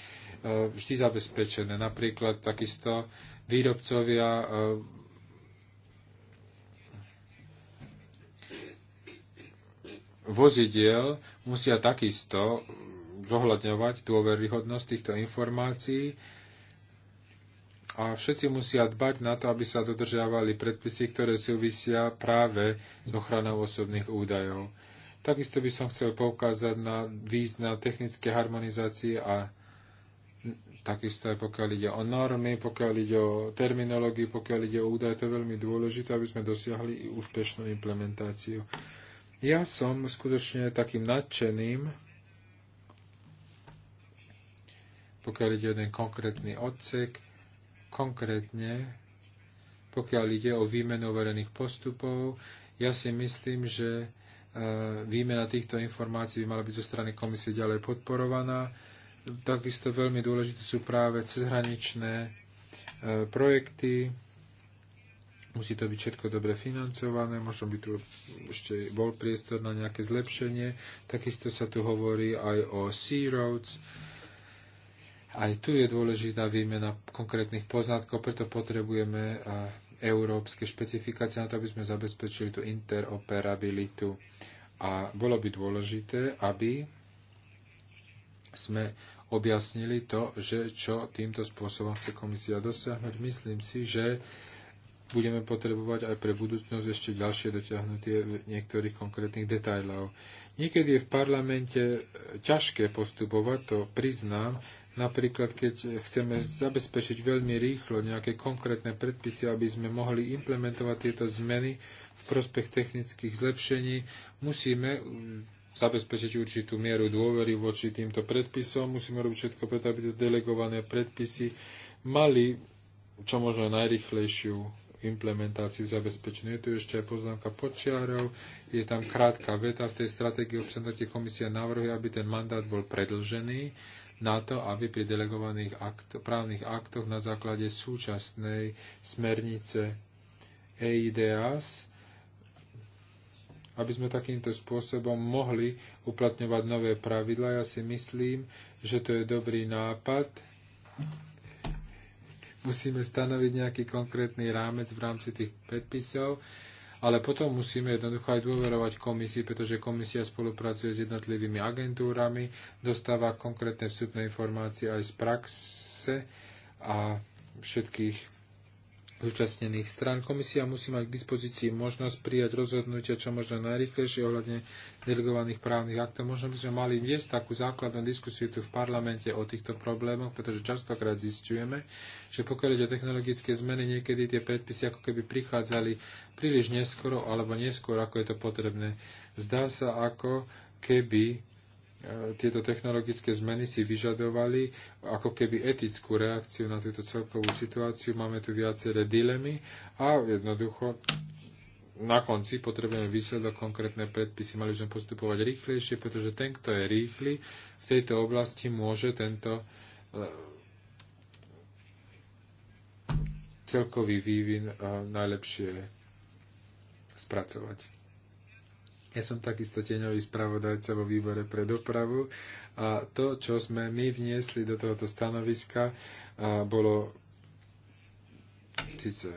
vždy zabezpečené. Napríklad takisto výrobcovia eh, vozidiel musia takisto zohľadňovať dôveryhodnosť týchto informácií a všetci musia dbať na to, aby sa dodržiavali predpisy, ktoré súvisia práve s ochranou osobných údajov. Takisto by som chcel poukázať na význam technické harmonizácie a takisto aj pokiaľ ide o normy, pokiaľ ide o terminológiu, pokiaľ ide o údaje, to je veľmi dôležité, aby sme dosiahli i úspešnú implementáciu. Ja som skutočne takým nadšeným, pokiaľ ide o jeden konkrétny odsek, Konkrétne, pokiaľ ide o výmenu overených postupov, ja si myslím, že e, výmena týchto informácií by mala byť zo strany komisie ďalej podporovaná. Takisto veľmi dôležité sú práve cezhraničné e, projekty. Musí to byť všetko dobre financované, možno by tu ešte bol priestor na nejaké zlepšenie. Takisto sa tu hovorí aj o Sea Roads, aj tu je dôležitá výmena konkrétnych poznatkov, preto potrebujeme európske špecifikácie na to, aby sme zabezpečili tú interoperabilitu. A bolo by dôležité, aby sme objasnili to, že čo týmto spôsobom chce komisia dosiahnuť. Myslím si, že budeme potrebovať aj pre budúcnosť ešte ďalšie dotiahnutie niektorých konkrétnych detajlov. Niekedy je v parlamente e, ťažké postupovať, to priznám, Napríklad, keď chceme zabezpečiť veľmi rýchlo nejaké konkrétne predpisy, aby sme mohli implementovať tieto zmeny v prospech technických zlepšení, musíme mm, zabezpečiť určitú mieru dôvery voči týmto predpisom. Musíme robiť všetko preto, aby tie delegované predpisy mali čo možno najrychlejšiu implementáciu zabezpečenú. Je tu ešte aj poznámka počiarov, je tam krátka veta v tej stratégii obsahnutie komisia navrhuje, aby ten mandát bol predlžený na to, aby pri delegovaných akt, právnych aktoch na základe súčasnej smernice EIDAS, aby sme takýmto spôsobom mohli uplatňovať nové pravidla. Ja si myslím, že to je dobrý nápad. Musíme stanoviť nejaký konkrétny rámec v rámci tých predpisov ale potom musíme jednoducho aj dôverovať komisii, pretože komisia spolupracuje s jednotlivými agentúrami, dostáva konkrétne vstupné informácie aj z praxe a všetkých zúčastnených strán. Komisia musí mať k dispozícii možnosť prijať rozhodnutia čo možno najrychlejšie ohľadne delegovaných právnych aktov. Možno by sme mali viesť takú základnú diskusiu tu v parlamente o týchto problémoch, pretože častokrát zistujeme, že pokiaľ ide o technologické zmeny, niekedy tie predpisy ako keby prichádzali príliš neskoro alebo neskôr, ako je to potrebné. Zdá sa ako keby E, tieto technologické zmeny si vyžadovali ako keby etickú reakciu na túto celkovú situáciu. Máme tu viaceré dilemy a jednoducho na konci potrebujeme výsledok konkrétne predpisy. Mali sme postupovať rýchlejšie, pretože ten, kto je rýchly, v tejto oblasti môže tento e, celkový vývin e, najlepšie spracovať. Ja som takisto tieňový spravodajca vo výbore pre dopravu a to, čo sme my vniesli do tohoto stanoviska, bolo síce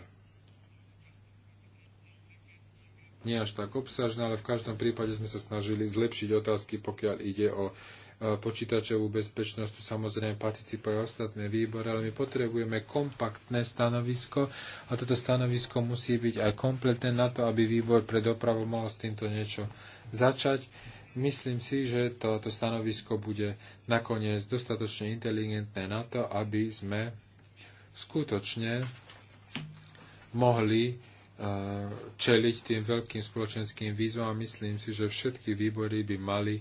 nie až tak obsažné, ale v každom prípade sme sa snažili zlepšiť otázky, pokiaľ ide o E, počítačovú bezpečnosť, tu samozrejme participujú ostatné výbory, ale my potrebujeme kompaktné stanovisko a toto stanovisko musí byť aj kompletné na to, aby výbor pre dopravu mohol s týmto niečo začať. Myslím si, že toto stanovisko bude nakoniec dostatočne inteligentné na to, aby sme skutočne mohli e, čeliť tým veľkým spoločenským výzvam a myslím si, že všetky výbory by mali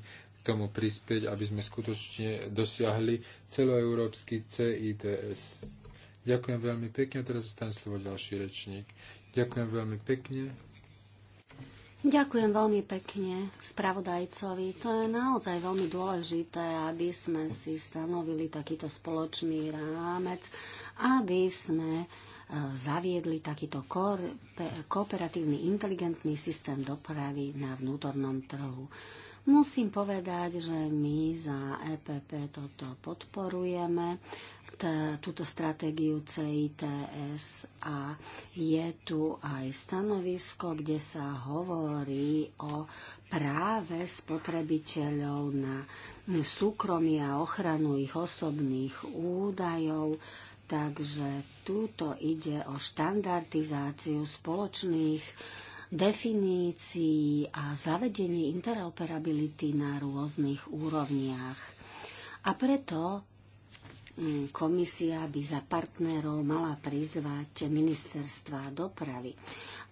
tomu prispieť, aby sme skutočne dosiahli celoeurópsky CITS. Ďakujem veľmi pekne, teraz zostane slovo ďalší rečník. Ďakujem veľmi pekne. Ďakujem veľmi pekne spravodajcovi. To je naozaj veľmi dôležité, aby sme si stanovili takýto spoločný rámec, aby sme e, zaviedli takýto kooperatívny inteligentný systém dopravy na vnútornom trhu. Musím povedať, že my za EPP toto podporujeme, túto stratégiu CITS a je tu aj stanovisko, kde sa hovorí o práve spotrebiteľov na súkromie a ochranu ich osobných údajov. Takže túto ide o štandardizáciu spoločných definícií a zavedení interoperability na rôznych úrovniach. A preto mm, komisia by za partnerov mala prizvať ministerstva dopravy.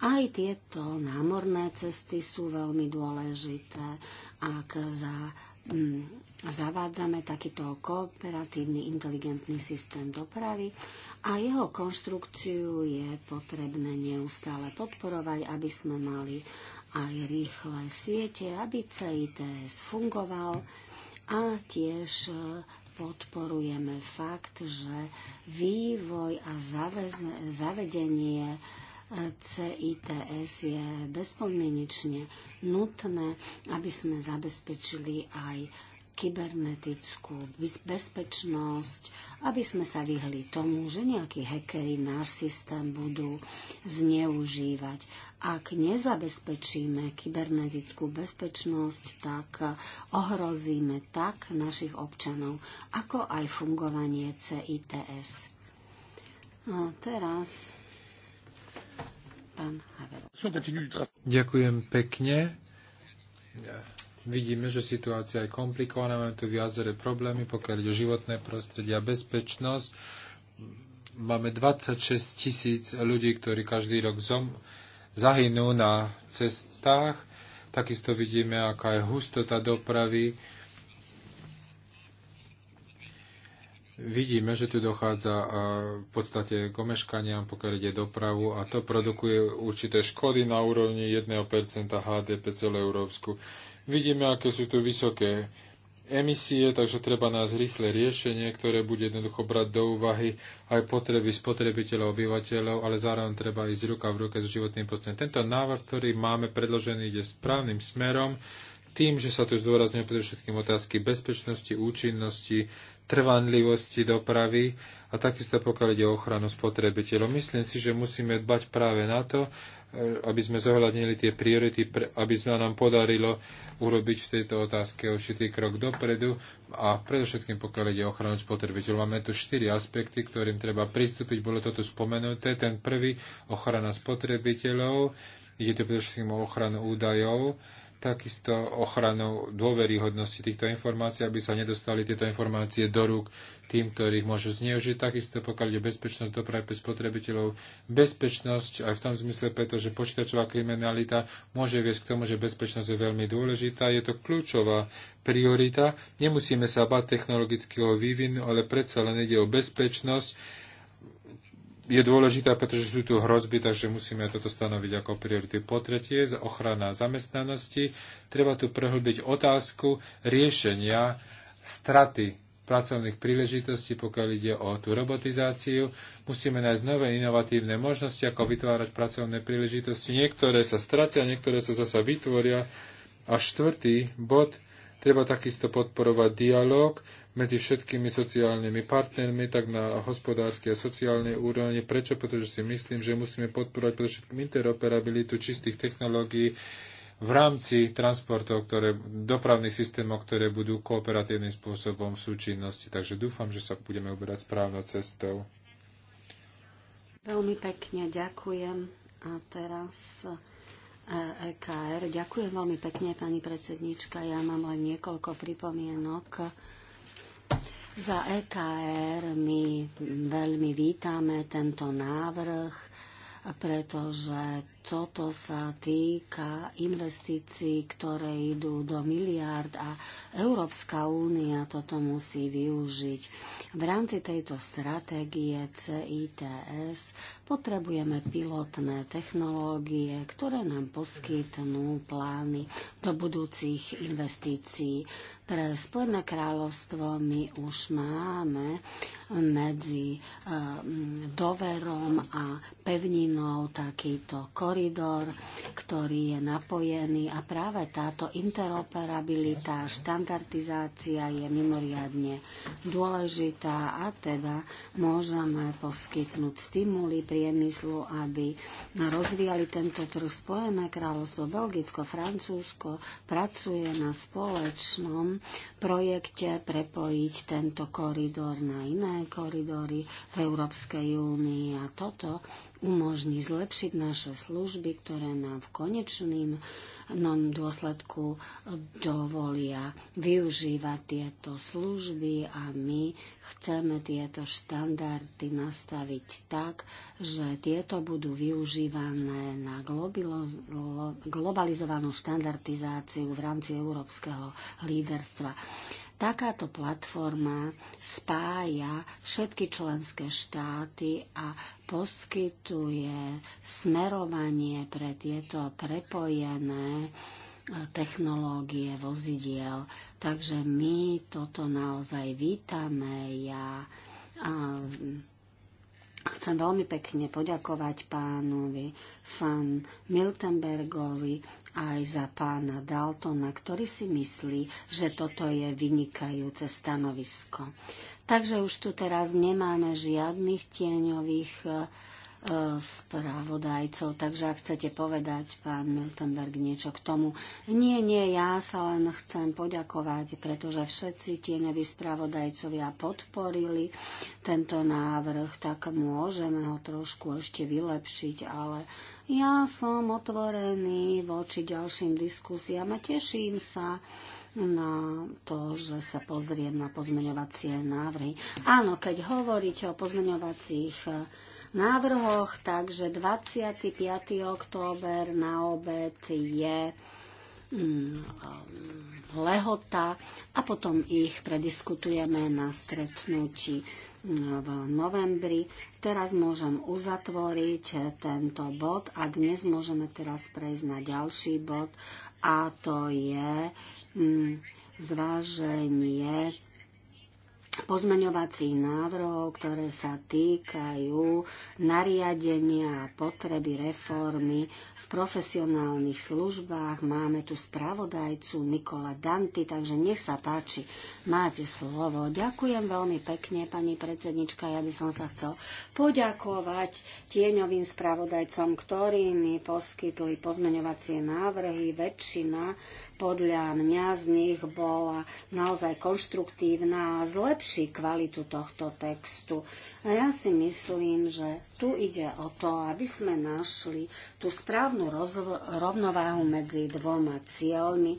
Aj tieto námorné cesty sú veľmi dôležité, ak za, m, mm, zavádzame takýto kooperatívny inteligentný systém dopravy a jeho konštrukciu je potrebné neustále podporovať, aby sme mali aj rýchle siete, aby CITS fungoval a tiež e, podporujeme fakt, že vývoj a zavedenie e, CITS je bezpodmienečne nutné, aby sme zabezpečili aj kybernetickú bezpečnosť, aby sme sa vyhli tomu, že nejakí hekery náš systém budú zneužívať. Ak nezabezpečíme kybernetickú bezpečnosť, tak eh, ohrozíme tak našich občanov, ako aj fungovanie CITS. No, teraz pán Havel. Ďakujem pekne. Vidíme, že situácia je komplikovaná, máme tu viaceré problémy, pokiaľ ide o životné prostredie a bezpečnosť. Máme 26 tisíc ľudí, ktorí každý rok zom, zahynú na cestách. Takisto vidíme, aká je hustota dopravy. vidíme, že tu dochádza v podstate k omeškaniam, pokiaľ ide dopravu a to produkuje určité škody na úrovni 1% HDP celé Európsku. Vidíme, aké sú tu vysoké emisie, takže treba nás rýchle riešenie, ktoré bude jednoducho brať do úvahy aj potreby spotrebiteľov, obyvateľov, ale zároveň treba ísť ruka v ruke s životným prostredím. Tento návrh, ktorý máme predložený, ide správnym smerom, tým, že sa tu zdôrazňuje predovšetkým otázky bezpečnosti, účinnosti, trvanlivosti dopravy a takisto pokiaľ ide o ochranu spotrebiteľov. Myslím si, že musíme dbať práve na to, E, aby sme zohľadnili tie priority, aby sme nám podarilo urobiť v tejto otázke určitý krok dopredu a predovšetkým pokiaľ ide o ochranu spotrebiteľov. Máme tu štyri aspekty, ktorým treba pristúpiť, bolo toto spomenuté. Ten prvý, ochrana spotrebiteľov, ide tu predovšetkým o ochranu údajov, takisto ochranou dôveryhodnosti týchto informácií, aby sa nedostali tieto informácie do rúk tým, ktorých môžu zneužiť. Takisto pokiaľ ide bezpečnosť dopravy pre spotrebiteľov, bezpečnosť aj v tom zmysle, pretože počítačová kriminalita môže viesť k tomu, že bezpečnosť je veľmi dôležitá. Je to kľúčová priorita. Nemusíme sa báť technologického vývinu, ale predsa len ide o bezpečnosť je dôležitá, pretože sú tu hrozby, takže musíme toto stanoviť ako priority. Po tretie, ochrana zamestnanosti. Treba tu prehlbiť otázku riešenia straty pracovných príležitostí, pokiaľ ide o tú robotizáciu. Musíme nájsť nové inovatívne možnosti, ako vytvárať pracovné príležitosti. Niektoré sa stratia, niektoré sa zasa vytvoria. A štvrtý bod, treba takisto podporovať dialog medzi všetkými sociálnymi partnermi, tak na hospodárskej a sociálnej úrovni. Prečo? Pretože si myslím, že musíme podporovať všetkým interoperabilitu čistých technológií v rámci transportov, ktoré, dopravných systémov, ktoré budú kooperatívnym spôsobom v súčinnosti. Takže dúfam, že sa budeme uberať správnou cestou. Veľmi pekne ďakujem. A teraz EKR. E ďakujem veľmi pekne, pani predsednička. Ja mám len niekoľko pripomienok za EKR my veľmi vítame tento návrh, pretože toto sa týka investícií, ktoré idú do miliárd a Európska únia toto musí využiť. V rámci tejto stratégie CITS Potrebujeme pilotné technológie, ktoré nám poskytnú plány do budúcich investícií. Pre Spojené kráľovstvo my už máme medzi eh, doverom a pevninou takýto koridor, ktorý je napojený a práve táto interoperabilita, štandardizácia je mimoriadne dôležitá a teda môžeme poskytnúť stimuly priemyslu, aby rozvíjali tento trh. Spojené kráľovstvo, Belgicko, Francúzsko pracuje na spoločnom projekte prepojiť tento koridor na iné koridory v Európskej únii a toto umožní zlepšiť naše služby, ktoré nám v konečným dôsledku dovolia využívať tieto služby a my chceme tieto štandardy nastaviť tak, že tieto budú využívané na globalizovanú štandardizáciu v rámci európskeho líderstva. Takáto platforma spája všetky členské štáty a poskytuje smerovanie pre tieto prepojené e, technológie vozidiel. Takže my toto naozaj vítame. Ja a Chcem veľmi pekne poďakovať pánovi Fan Miltenbergovi aj za pána Daltona, ktorý si myslí, že toto je vynikajúce stanovisko. Takže už tu teraz nemáme žiadnych tieňových eh, správodajcov. Takže ak chcete povedať, pán Miltenberg, niečo k tomu. Nie, nie, ja sa len chcem poďakovať, pretože všetci tieňoví správodajcovia podporili tento návrh, tak môžeme ho trošku ešte vylepšiť, ale ja som otvorený voči ďalším diskusiám a teším sa, na to, že sa pozriem na pozmeňovacie návrhy. Áno, keď hovoríte o pozmeňovacích návrhoch, takže 25. október na obed je mm, um, lehota a potom ich prediskutujeme na stretnutí mm, v novembri. Teraz môžem uzatvoriť tento bod a dnes môžeme teraz prejsť na ďalší bod a to je mm, zváženie pozmeňovacích návrhov, ktoré sa týkajú nariadenia a potreby reformy v profesionálnych službách. Máme tu spravodajcu Nikola Danty, takže nech sa páči, máte slovo. Ďakujem veľmi pekne, pani predsednička. Ja by som sa chcel poďakovať tieňovým spravodajcom, ktorí mi poskytli pozmeňovacie návrhy. Väčšina podľa mňa z nich bola naozaj konštruktívna a zlepší kvalitu tohto textu. A ja si myslím, že tu ide o to, aby sme našli tú správnu rovnováhu medzi dvoma cieľmi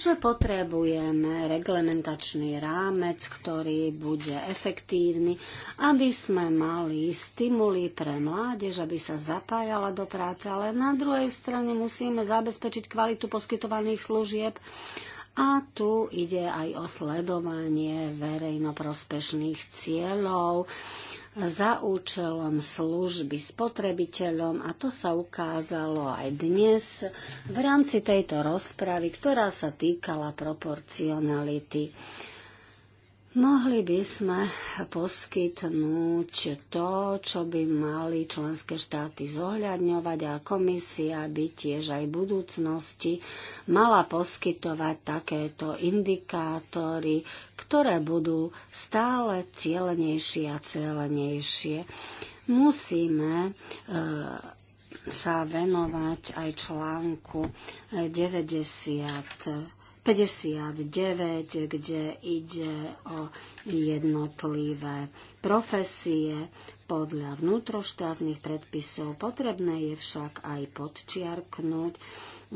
že potrebujeme reglementačný rámec, ktorý bude efektívny, aby sme mali stimuly pre mládež, aby sa zapájala do práce, ale na druhej strane musíme zabezpečiť kvalitu poskytovaných služieb a tu ide aj o sledovanie verejnoprospešných cieľov, za účelom služby spotrebiteľom a to sa ukázalo aj dnes v rámci tejto rozpravy, ktorá sa týkala proporcionality. Mohli by sme poskytnúť to, čo by mali členské štáty zohľadňovať a komisia by tiež aj v budúcnosti mala poskytovať takéto indikátory, ktoré budú stále cieľnejšie a cieľnejšie. Musíme e, sa venovať aj článku 90 59, kde ide o jednotlivé profesie podľa vnútroštátnych predpisov. Potrebné je však aj podčiarknúť,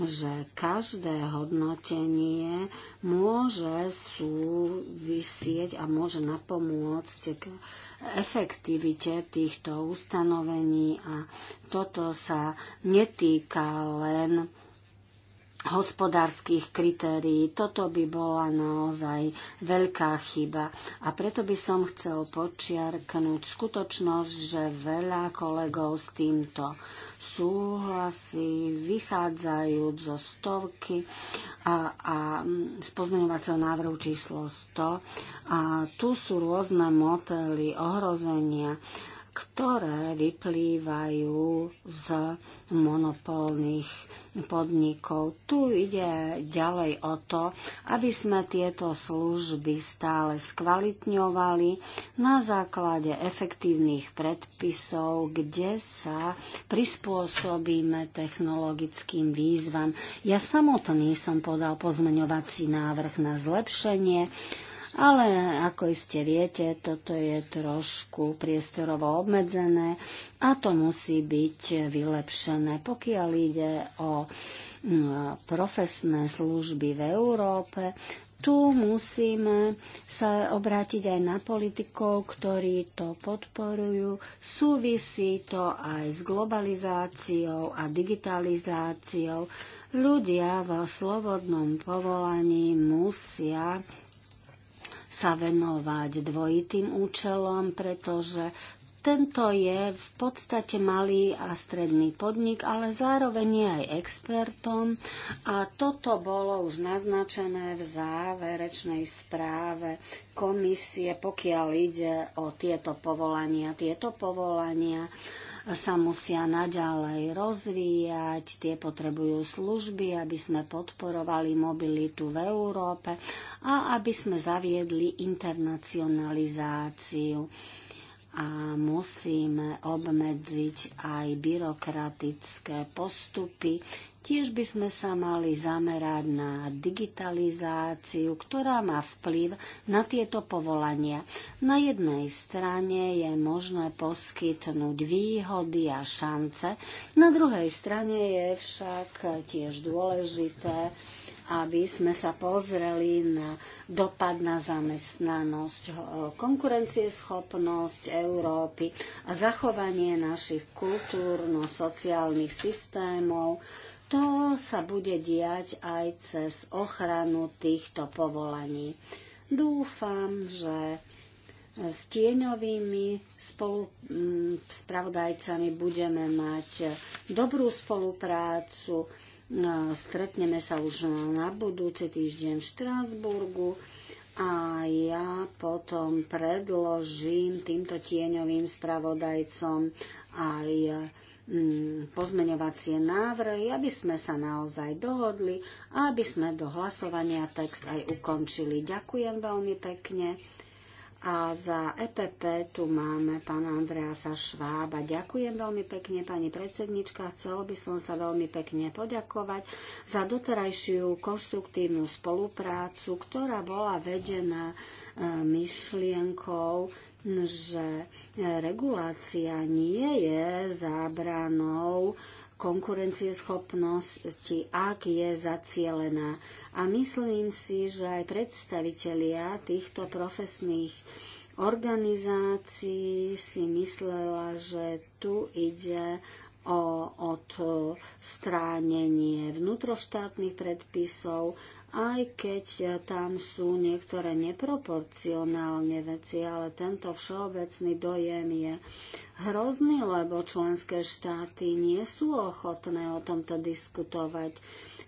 že každé hodnotenie môže súvisieť a môže napomôcť k efektivite týchto ustanovení a toto sa netýka len hospodárskych kritérií. Toto by bola naozaj veľká chyba. A preto by som chcel počiarknúť skutočnosť, že veľa kolegov s týmto súhlasí, vychádzajú zo stovky a, a z pozmeňovacieho návrhu číslo 100. A tu sú rôzne motely ohrozenia ktoré vyplývajú z monopolných podnikov. Tu ide ďalej o to, aby sme tieto služby stále skvalitňovali na základe efektívnych predpisov, kde sa prispôsobíme technologickým výzvam. Ja samotný som podal pozmeňovací návrh na zlepšenie ale ako iste viete, toto je trošku priestorovo obmedzené a to musí byť vylepšené. Pokiaľ ide o mm, profesné služby v Európe, tu musíme sa obrátiť aj na politikov, ktorí to podporujú. Súvisí to aj s globalizáciou a digitalizáciou. Ľudia vo slobodnom povolaní musia sa venovať dvojitým účelom, pretože tento je v podstate malý a stredný podnik, ale zároveň je aj expertom a toto bolo už naznačené v záverečnej správe komisie, pokiaľ ide o tieto povolania. Tieto povolania sa musia naďalej rozvíjať, tie potrebujú služby, aby sme podporovali mobilitu v Európe a aby sme zaviedli internacionalizáciu a musíme obmedziť aj byrokratické postupy, Tiež by sme sa mali zamerať na digitalizáciu, ktorá má vplyv na tieto povolania. Na jednej strane je možné poskytnúť výhody a šance, na druhej strane je však tiež dôležité, aby sme sa pozreli na dopad na zamestnanosť, konkurencieschopnosť Európy a zachovanie našich kultúrno-sociálnych systémov, to sa bude diať aj cez ochranu týchto povolaní. Dúfam, že s tieňovými spolu, mm, spravodajcami budeme mať dobrú spoluprácu. Stretneme sa už na budúci týždeň v Štrásburgu a ja potom predložím týmto tieňovým spravodajcom aj Mm, pozmeňovacie návrhy, aby sme sa naozaj dohodli a aby sme do hlasovania text aj ukončili. Ďakujem veľmi pekne. A za EPP tu máme pána Andreasa Švába. Ďakujem veľmi pekne, pani predsednička. Chcel by som sa veľmi pekne poďakovať za doterajšiu konstruktívnu spoluprácu, ktorá bola vedená e, myšlienkou že e, regulácia nie je zábranou konkurencieschopnosti, ak je zacielená. A myslím si, že aj predstavitelia týchto profesných organizácií si myslela, že tu ide o odstránenie vnútroštátnych predpisov aj keď e, tam sú niektoré neproporcionálne veci, ale tento všeobecný dojem je hrozný, lebo členské štáty nie sú ochotné o tomto diskutovať.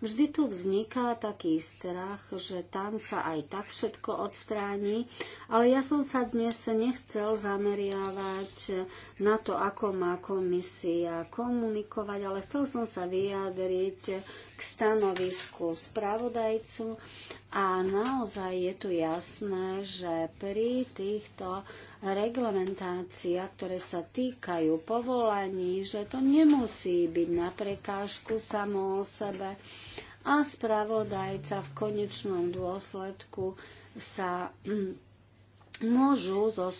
Vždy tu vzniká taký strach, že tam sa aj tak všetko odstráni, ale ja som sa dnes nechcel zameriavať na to, ako má komisia komunikovať, ale chcel som sa vyjadriť k stanovisku spravodajcu a naozaj je tu jasné, že pri týchto reglementácia, ktoré sa týkajú povolaní, že to nemusí byť na prekážku samo o sebe a spravodajca v konečnom dôsledku sa hm, môžu so e,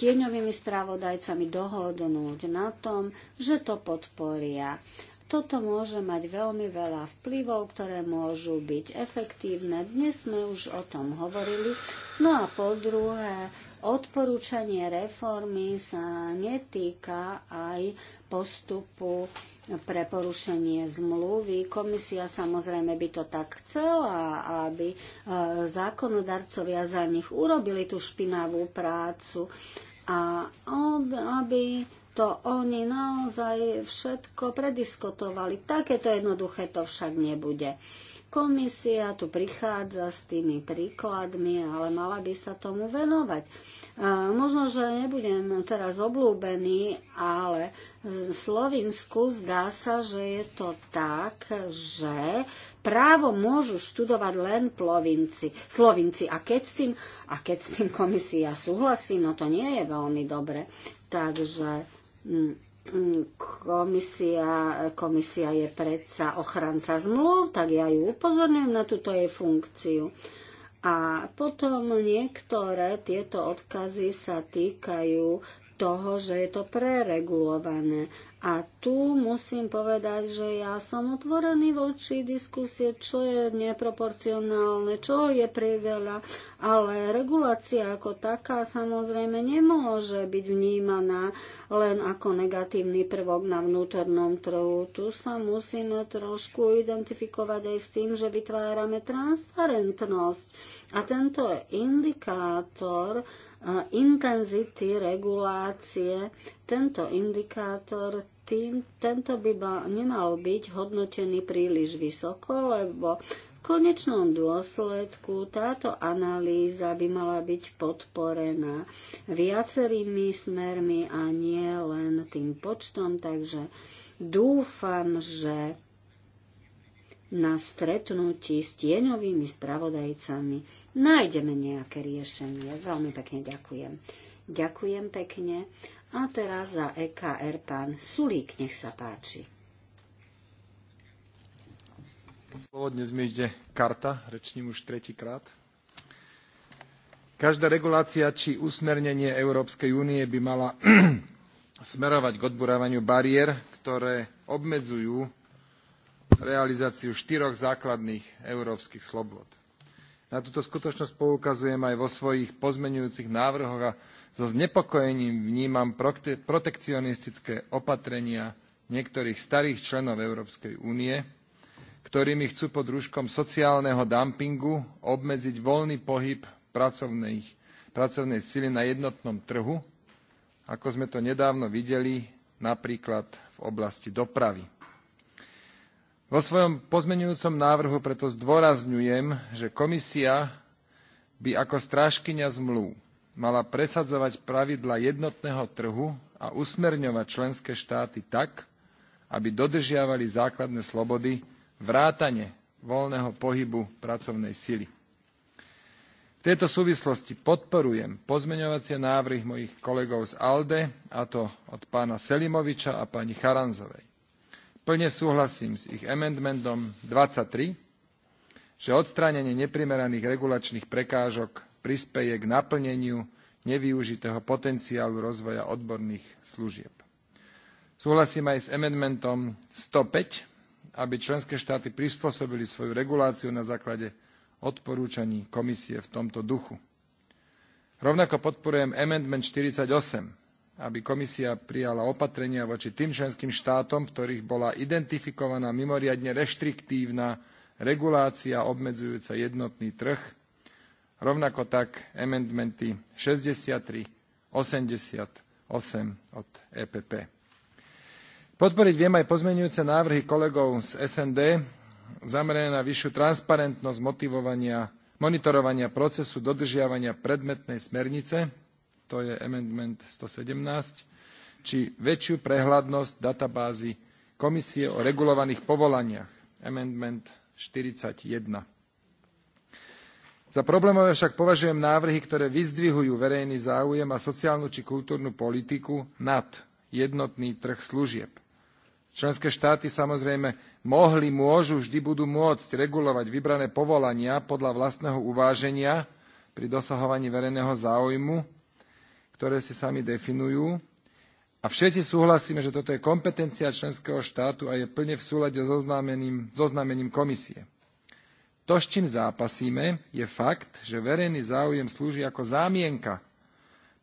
tieňovými spravodajcami dohodnúť na tom, že to podporia. Toto môže mať veľmi veľa vplyvov, ktoré môžu byť efektívne. Dnes sme už o tom hovorili. No a po druhé, odporúčanie reformy sa netýka aj postupu pre porušenie zmluvy. Komisia samozrejme by to tak chcela, aby e, zákonodarcovia za nich urobili tú špinavú prácu a aby to oni naozaj všetko prediskutovali. Takéto jednoduché to však nebude. Komisia tu prichádza s tými príkladmi, ale mala by sa tomu venovať. E, možno, že nebudem teraz oblúbený, ale v Slovensku zdá sa, že je to tak, že právo môžu študovať len plovinci, slovinci. A keď s tým, a keď s tým komisia súhlasí, no to nie je veľmi dobre. Takže mm, Mm, komisia, komisia je predsa ochranca zmluv, tak ja ju upozorňujem na túto jej funkciu. A potom niektoré tieto odkazy sa týkajú toho, že je to preregulované. A tu musím povedať, že ja som otvorený voči diskusie, čo je neproporcionálne, čo je priveľa, ale regulácia ako taká samozrejme nemôže byť vnímaná len ako negatívny prvok na vnútornom trhu. Tu sa musíme trošku identifikovať aj s tým, že vytvárame transparentnosť. A tento indikátor eh, intenzity regulácie, tento indikátor tým, tento by nemal byť hodnotený príliš vysoko, lebo v konečnom dôsledku táto analýza by mala byť podporená viacerými smermi a nie len tým počtom, takže dúfam, že na stretnutí s tieňovými spravodajcami nájdeme nejaké riešenie. Veľmi pekne ďakujem. Ďakujem pekne. A teraz za EKR pán Sulík, nech sa páči. Dnes mi ide karta, rečním už tretíkrát. Každá regulácia či usmernenie Európskej únie by mala smerovať k odburávaniu bariér, ktoré obmedzujú realizáciu štyroch základných európskych slobod na túto skutočnosť poukazujem aj vo svojich pozmenujúcich návrhoch a so znepokojením vnímam protekcionistické opatrenia niektorých starých členov Európskej únie, ktorými chcú pod rúškom sociálneho dumpingu obmedziť voľný pohyb pracovnej sily na jednotnom trhu, ako sme to nedávno videli napríklad v oblasti dopravy. Vo svojom pozmeňujúcom návrhu preto zdôrazňujem, že komisia by ako strážkyňa zmluv mala presadzovať pravidla jednotného trhu a usmerňovať členské štáty tak, aby dodržiavali základné slobody vrátane voľného pohybu pracovnej sily. V tejto súvislosti podporujem pozmeňovacie návrhy mojich kolegov z ALDE, a to od pána Selimoviča a pani Charanzovej. Plne súhlasím s ich amendmentom three že odstránenie neprimeraných regulačných prekážok prispeje k naplneniu nevyužitého potenciálu rozvoja odborných služieb. Súhlasím aj s amendmentom five aby členské štáty prispôsobili svoju reguláciu na základe odporúčaní komisie v tomto duchu. Rovnako podporujem amendment eight aby komisia prijala opatrenia voči tým členským štátom, v ktorých bola identifikovaná mimoriadne reštriktívna regulácia obmedzujúca jednotný trh, rovnako tak amendmenty 63, 88 od EPP. Podporiť viem aj pozmenujúce návrhy kolegov z SND zamerané na vyššiu transparentnosť motivovania, monitorovania procesu dodržiavania predmetnej smernice, to je amendment 117, či väčšiu prehľadnosť databázy Komisie o regulovaných povolaniach, amendment 41. Za problémové však považujem návrhy, ktoré vyzdvihujú verejný záujem a sociálnu či kultúrnu politiku nad jednotný trh služieb. Členské štáty samozrejme mohli, môžu, vždy budú môcť regulovať vybrané povolania podľa vlastného uváženia pri dosahovaní verejného záujmu, ktoré si sami definujú. A všetci súhlasíme, že toto je kompetencia členského štátu a je plne v súlade so oznámením, so oznámením komisie. To, s čím zápasíme, je fakt, že verejný záujem slúži ako zámienka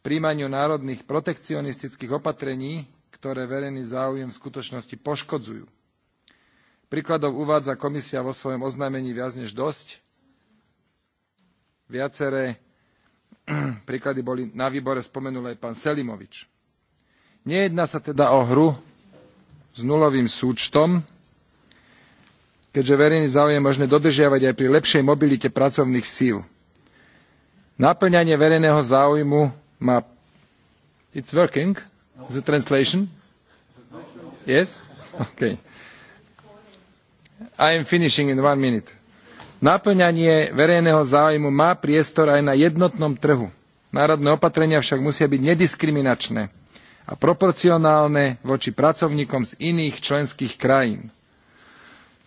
príjmaniu národných protekcionistických opatrení, ktoré verejný záujem v skutočnosti poškodzujú. Príkladov uvádza komisia vo svojom oznámení viac než dosť. Viaceré príklady boli na výbore spomenul aj pán Selimovič. Nejedná sa teda o hru s nulovým súčtom, keďže verejný záujem je možné dodržiavať aj pri lepšej mobilite pracovných síl. Naplňanie verejného záujmu má... It's working? The translation? Yes? Okay. I am finishing in one minute. Náplňanie verejného záujmu má priestor aj na jednotnom trhu. Národné opatrenia však musia byť nediskriminačné a proporcionálne voči pracovníkom z iných členských krajín.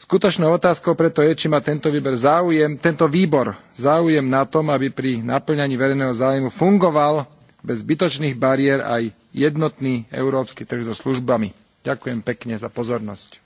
Skutočnou otázkou preto je, či má tento, výber záujem, tento výbor záujem na tom, aby pri naplňaní verejného záujmu fungoval bez zbytočných bariér aj jednotný európsky trh so službami. Ďakujem pekne za pozornosť.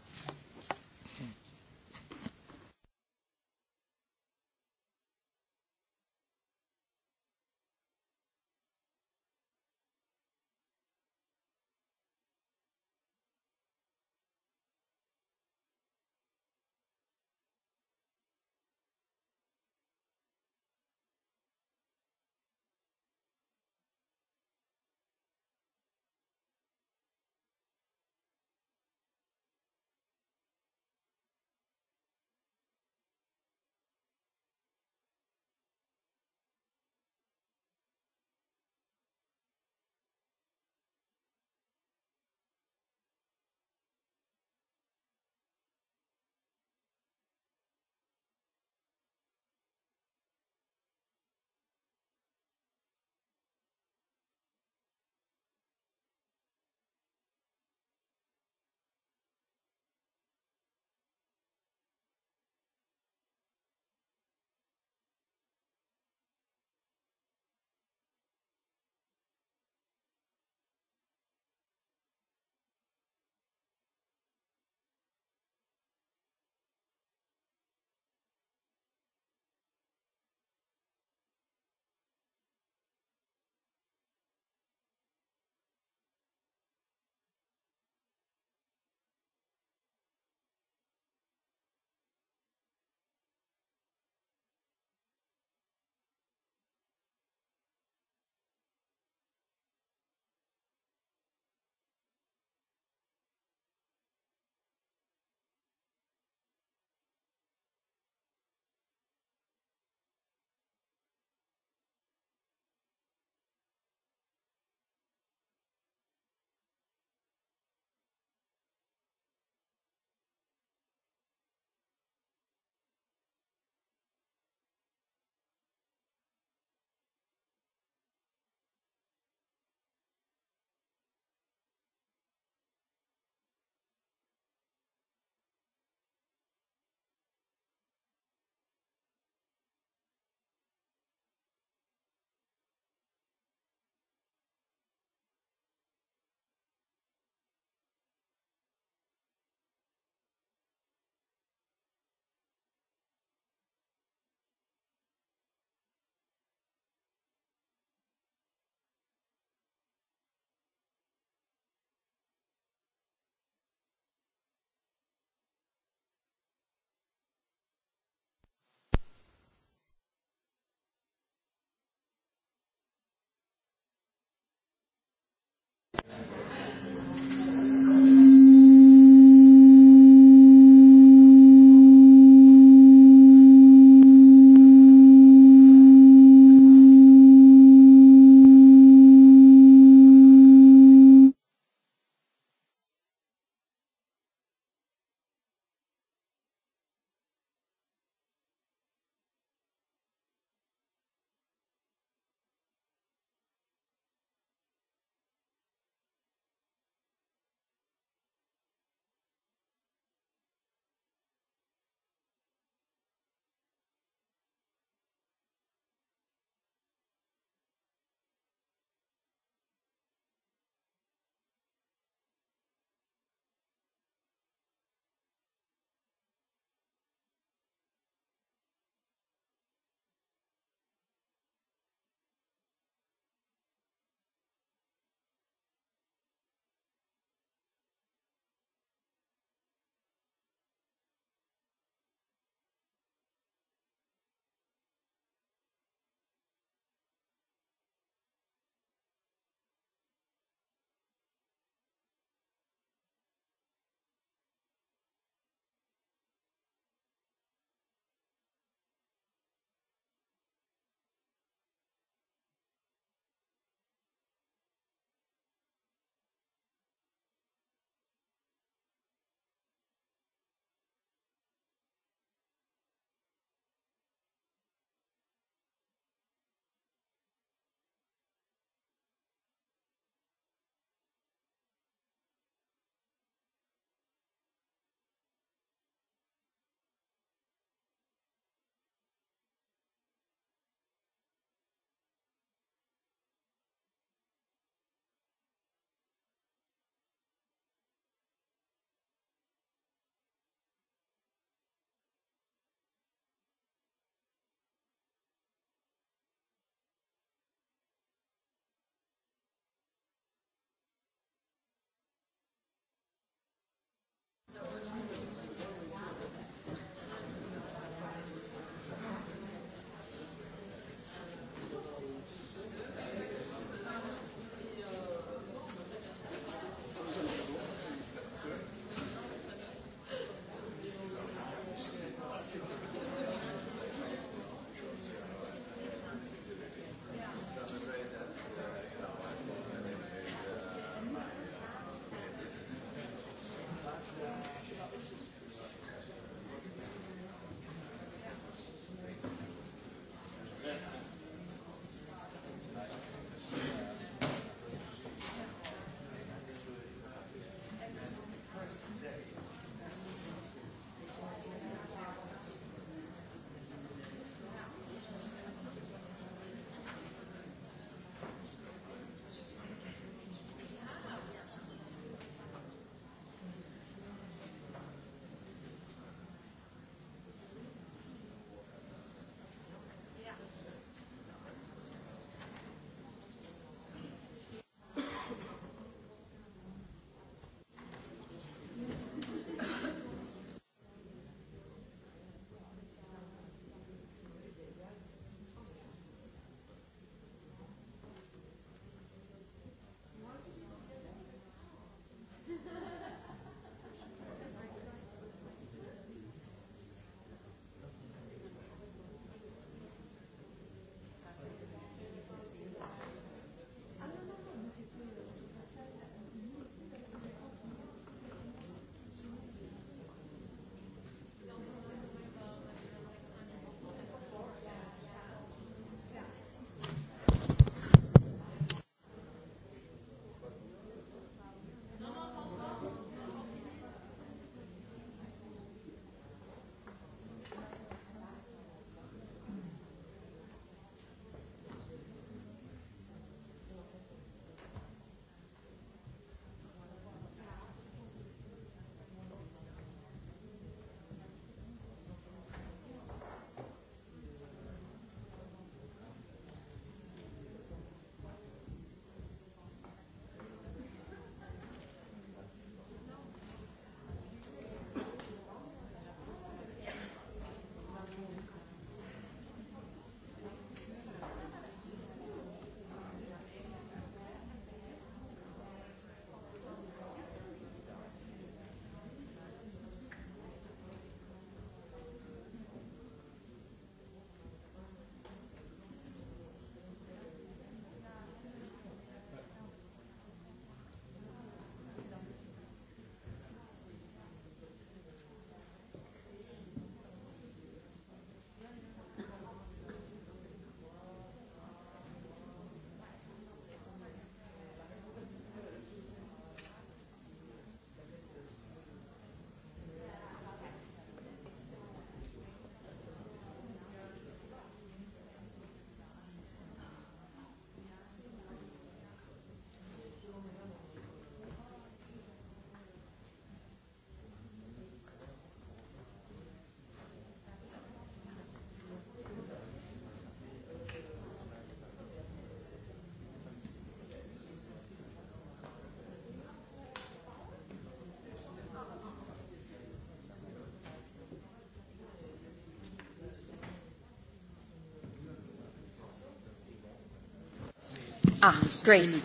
Ah, great.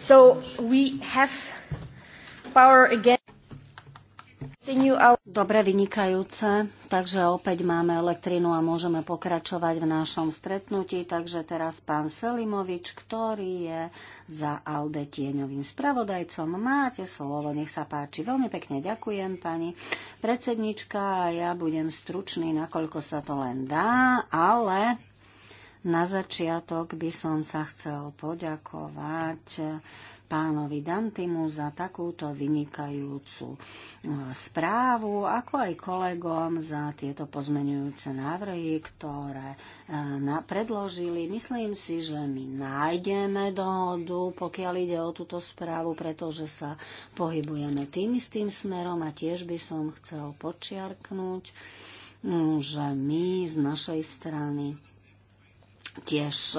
So we have power again. Dobre, vynikajúce. Takže opäť máme elektrínu a môžeme pokračovať v našom stretnutí. Takže teraz pán Selimovič, ktorý je za Alde tieňovým spravodajcom. Máte slovo, nech sa páči. Veľmi pekne ďakujem, pani predsednička. Ja budem stručný, nakoľko sa to len dá, ale na začiatok by som sa chcel poďakovať pánovi Dantimu za takúto vynikajúcu e, správu, ako aj kolegom za tieto pozmenujúce návrhy, ktoré e, predložili. Myslím si, že my nájdeme dohodu, pokiaľ ide o túto správu, pretože sa pohybujeme tým istým smerom a tiež by som chcel počiarknúť, že my z našej strany tiež e,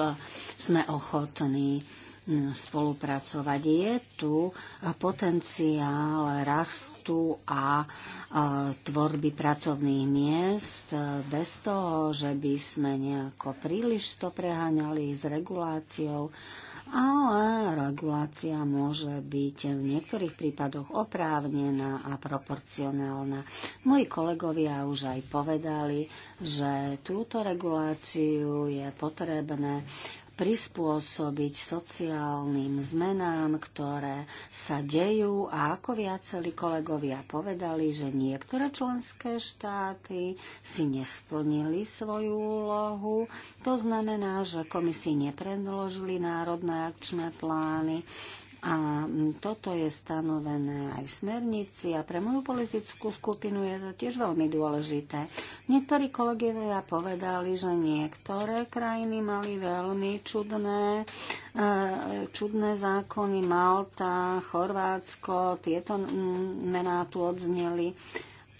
sme ochotní mm, spolupracovať. Je tu e, potenciál rastu a e, tvorby pracovných miest bez toho, že by sme nejako príliš to preháňali s reguláciou ale regulácia môže byť v niektorých prípadoch oprávnená a proporcionálna. Moji kolegovia už aj povedali, že túto reguláciu je potrebné prispôsobiť sociálnym zmenám, ktoré sa dejú a ako viacerí kolegovia povedali, že niektoré členské štáty si nesplnili svoju úlohu. To znamená, že komisii nepredložili národné akčné plány a mm, toto je stanovené aj v smernici a pre moju politickú skupinu je to tiež veľmi dôležité. Niektorí kolegovia povedali, že niektoré krajiny mali veľmi čudné, e, čudné zákony. Malta, Chorvátsko, tieto mená tu odzneli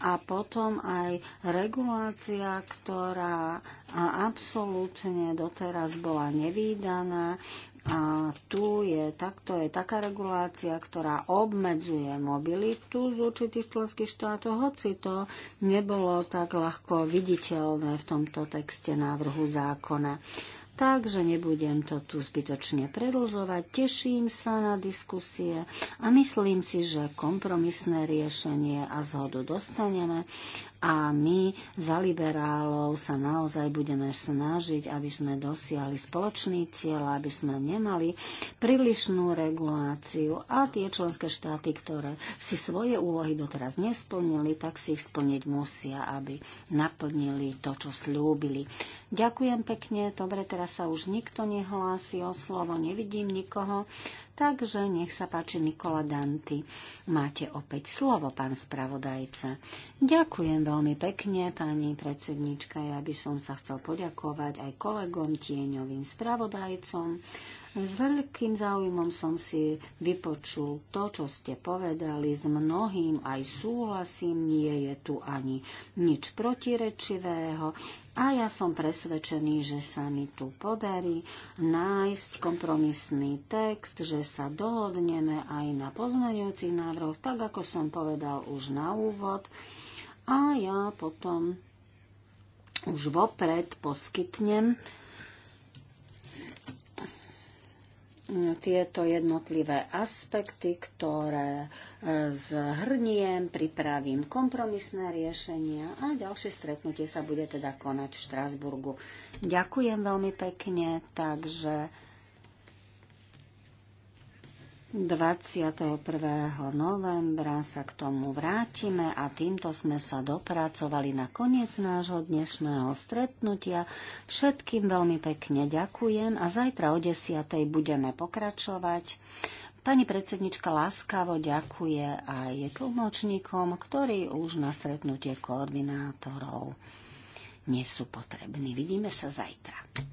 a potom aj regulácia, ktorá absolútne doteraz bola nevýdaná. A tu je, takto je taká regulácia, ktorá obmedzuje mobilitu z určitých členských štátov, hoci to nebolo tak ľahko viditeľné v tomto texte návrhu zákona. Takže nebudem to tu zbytočne predlžovať. Teším sa na diskusie a myslím si, že kompromisné riešenie a zhodu dostaneme a my za liberálov sa naozaj budeme snažiť, aby sme dosiahli spoločný cieľ, aby sme nemali prílišnú reguláciu a tie členské štáty, ktoré si svoje úlohy doteraz nesplnili, tak si ich splniť musia, aby naplnili to, čo slúbili. Ďakujem pekne, dobre, teraz sa už nikto nehlási o slovo, nevidím nikoho, Takže nech sa páči Nikola Danti. Máte opäť slovo, pán spravodajca. Ďakujem veľmi pekne, pani predsednička. Ja by som sa chcel poďakovať aj kolegom, tieňovým spravodajcom s veľkým záujmom som si vypočul to, čo ste povedali. S mnohým aj súhlasím, nie je tu ani nič protirečivého. A ja som presvedčený, že sa mi tu podarí nájsť kompromisný text, že sa dohodneme aj na pozmeňujúcich návrhoch, tak ako som povedal už na úvod. A ja potom už vopred poskytnem tieto jednotlivé aspekty, ktoré e, zhrniem, pripravím kompromisné riešenia a ďalšie stretnutie sa bude teda konať v Štrásburgu. Ďakujem veľmi pekne, takže 21. novembra sa k tomu vrátime a týmto sme sa dopracovali na koniec nášho dnešného stretnutia. Všetkým veľmi pekne ďakujem a zajtra o 10. budeme pokračovať. Pani predsednička láskavo ďakuje aj tlmočníkom, ktorí už na stretnutie koordinátorov nie sú potrební. Vidíme sa zajtra.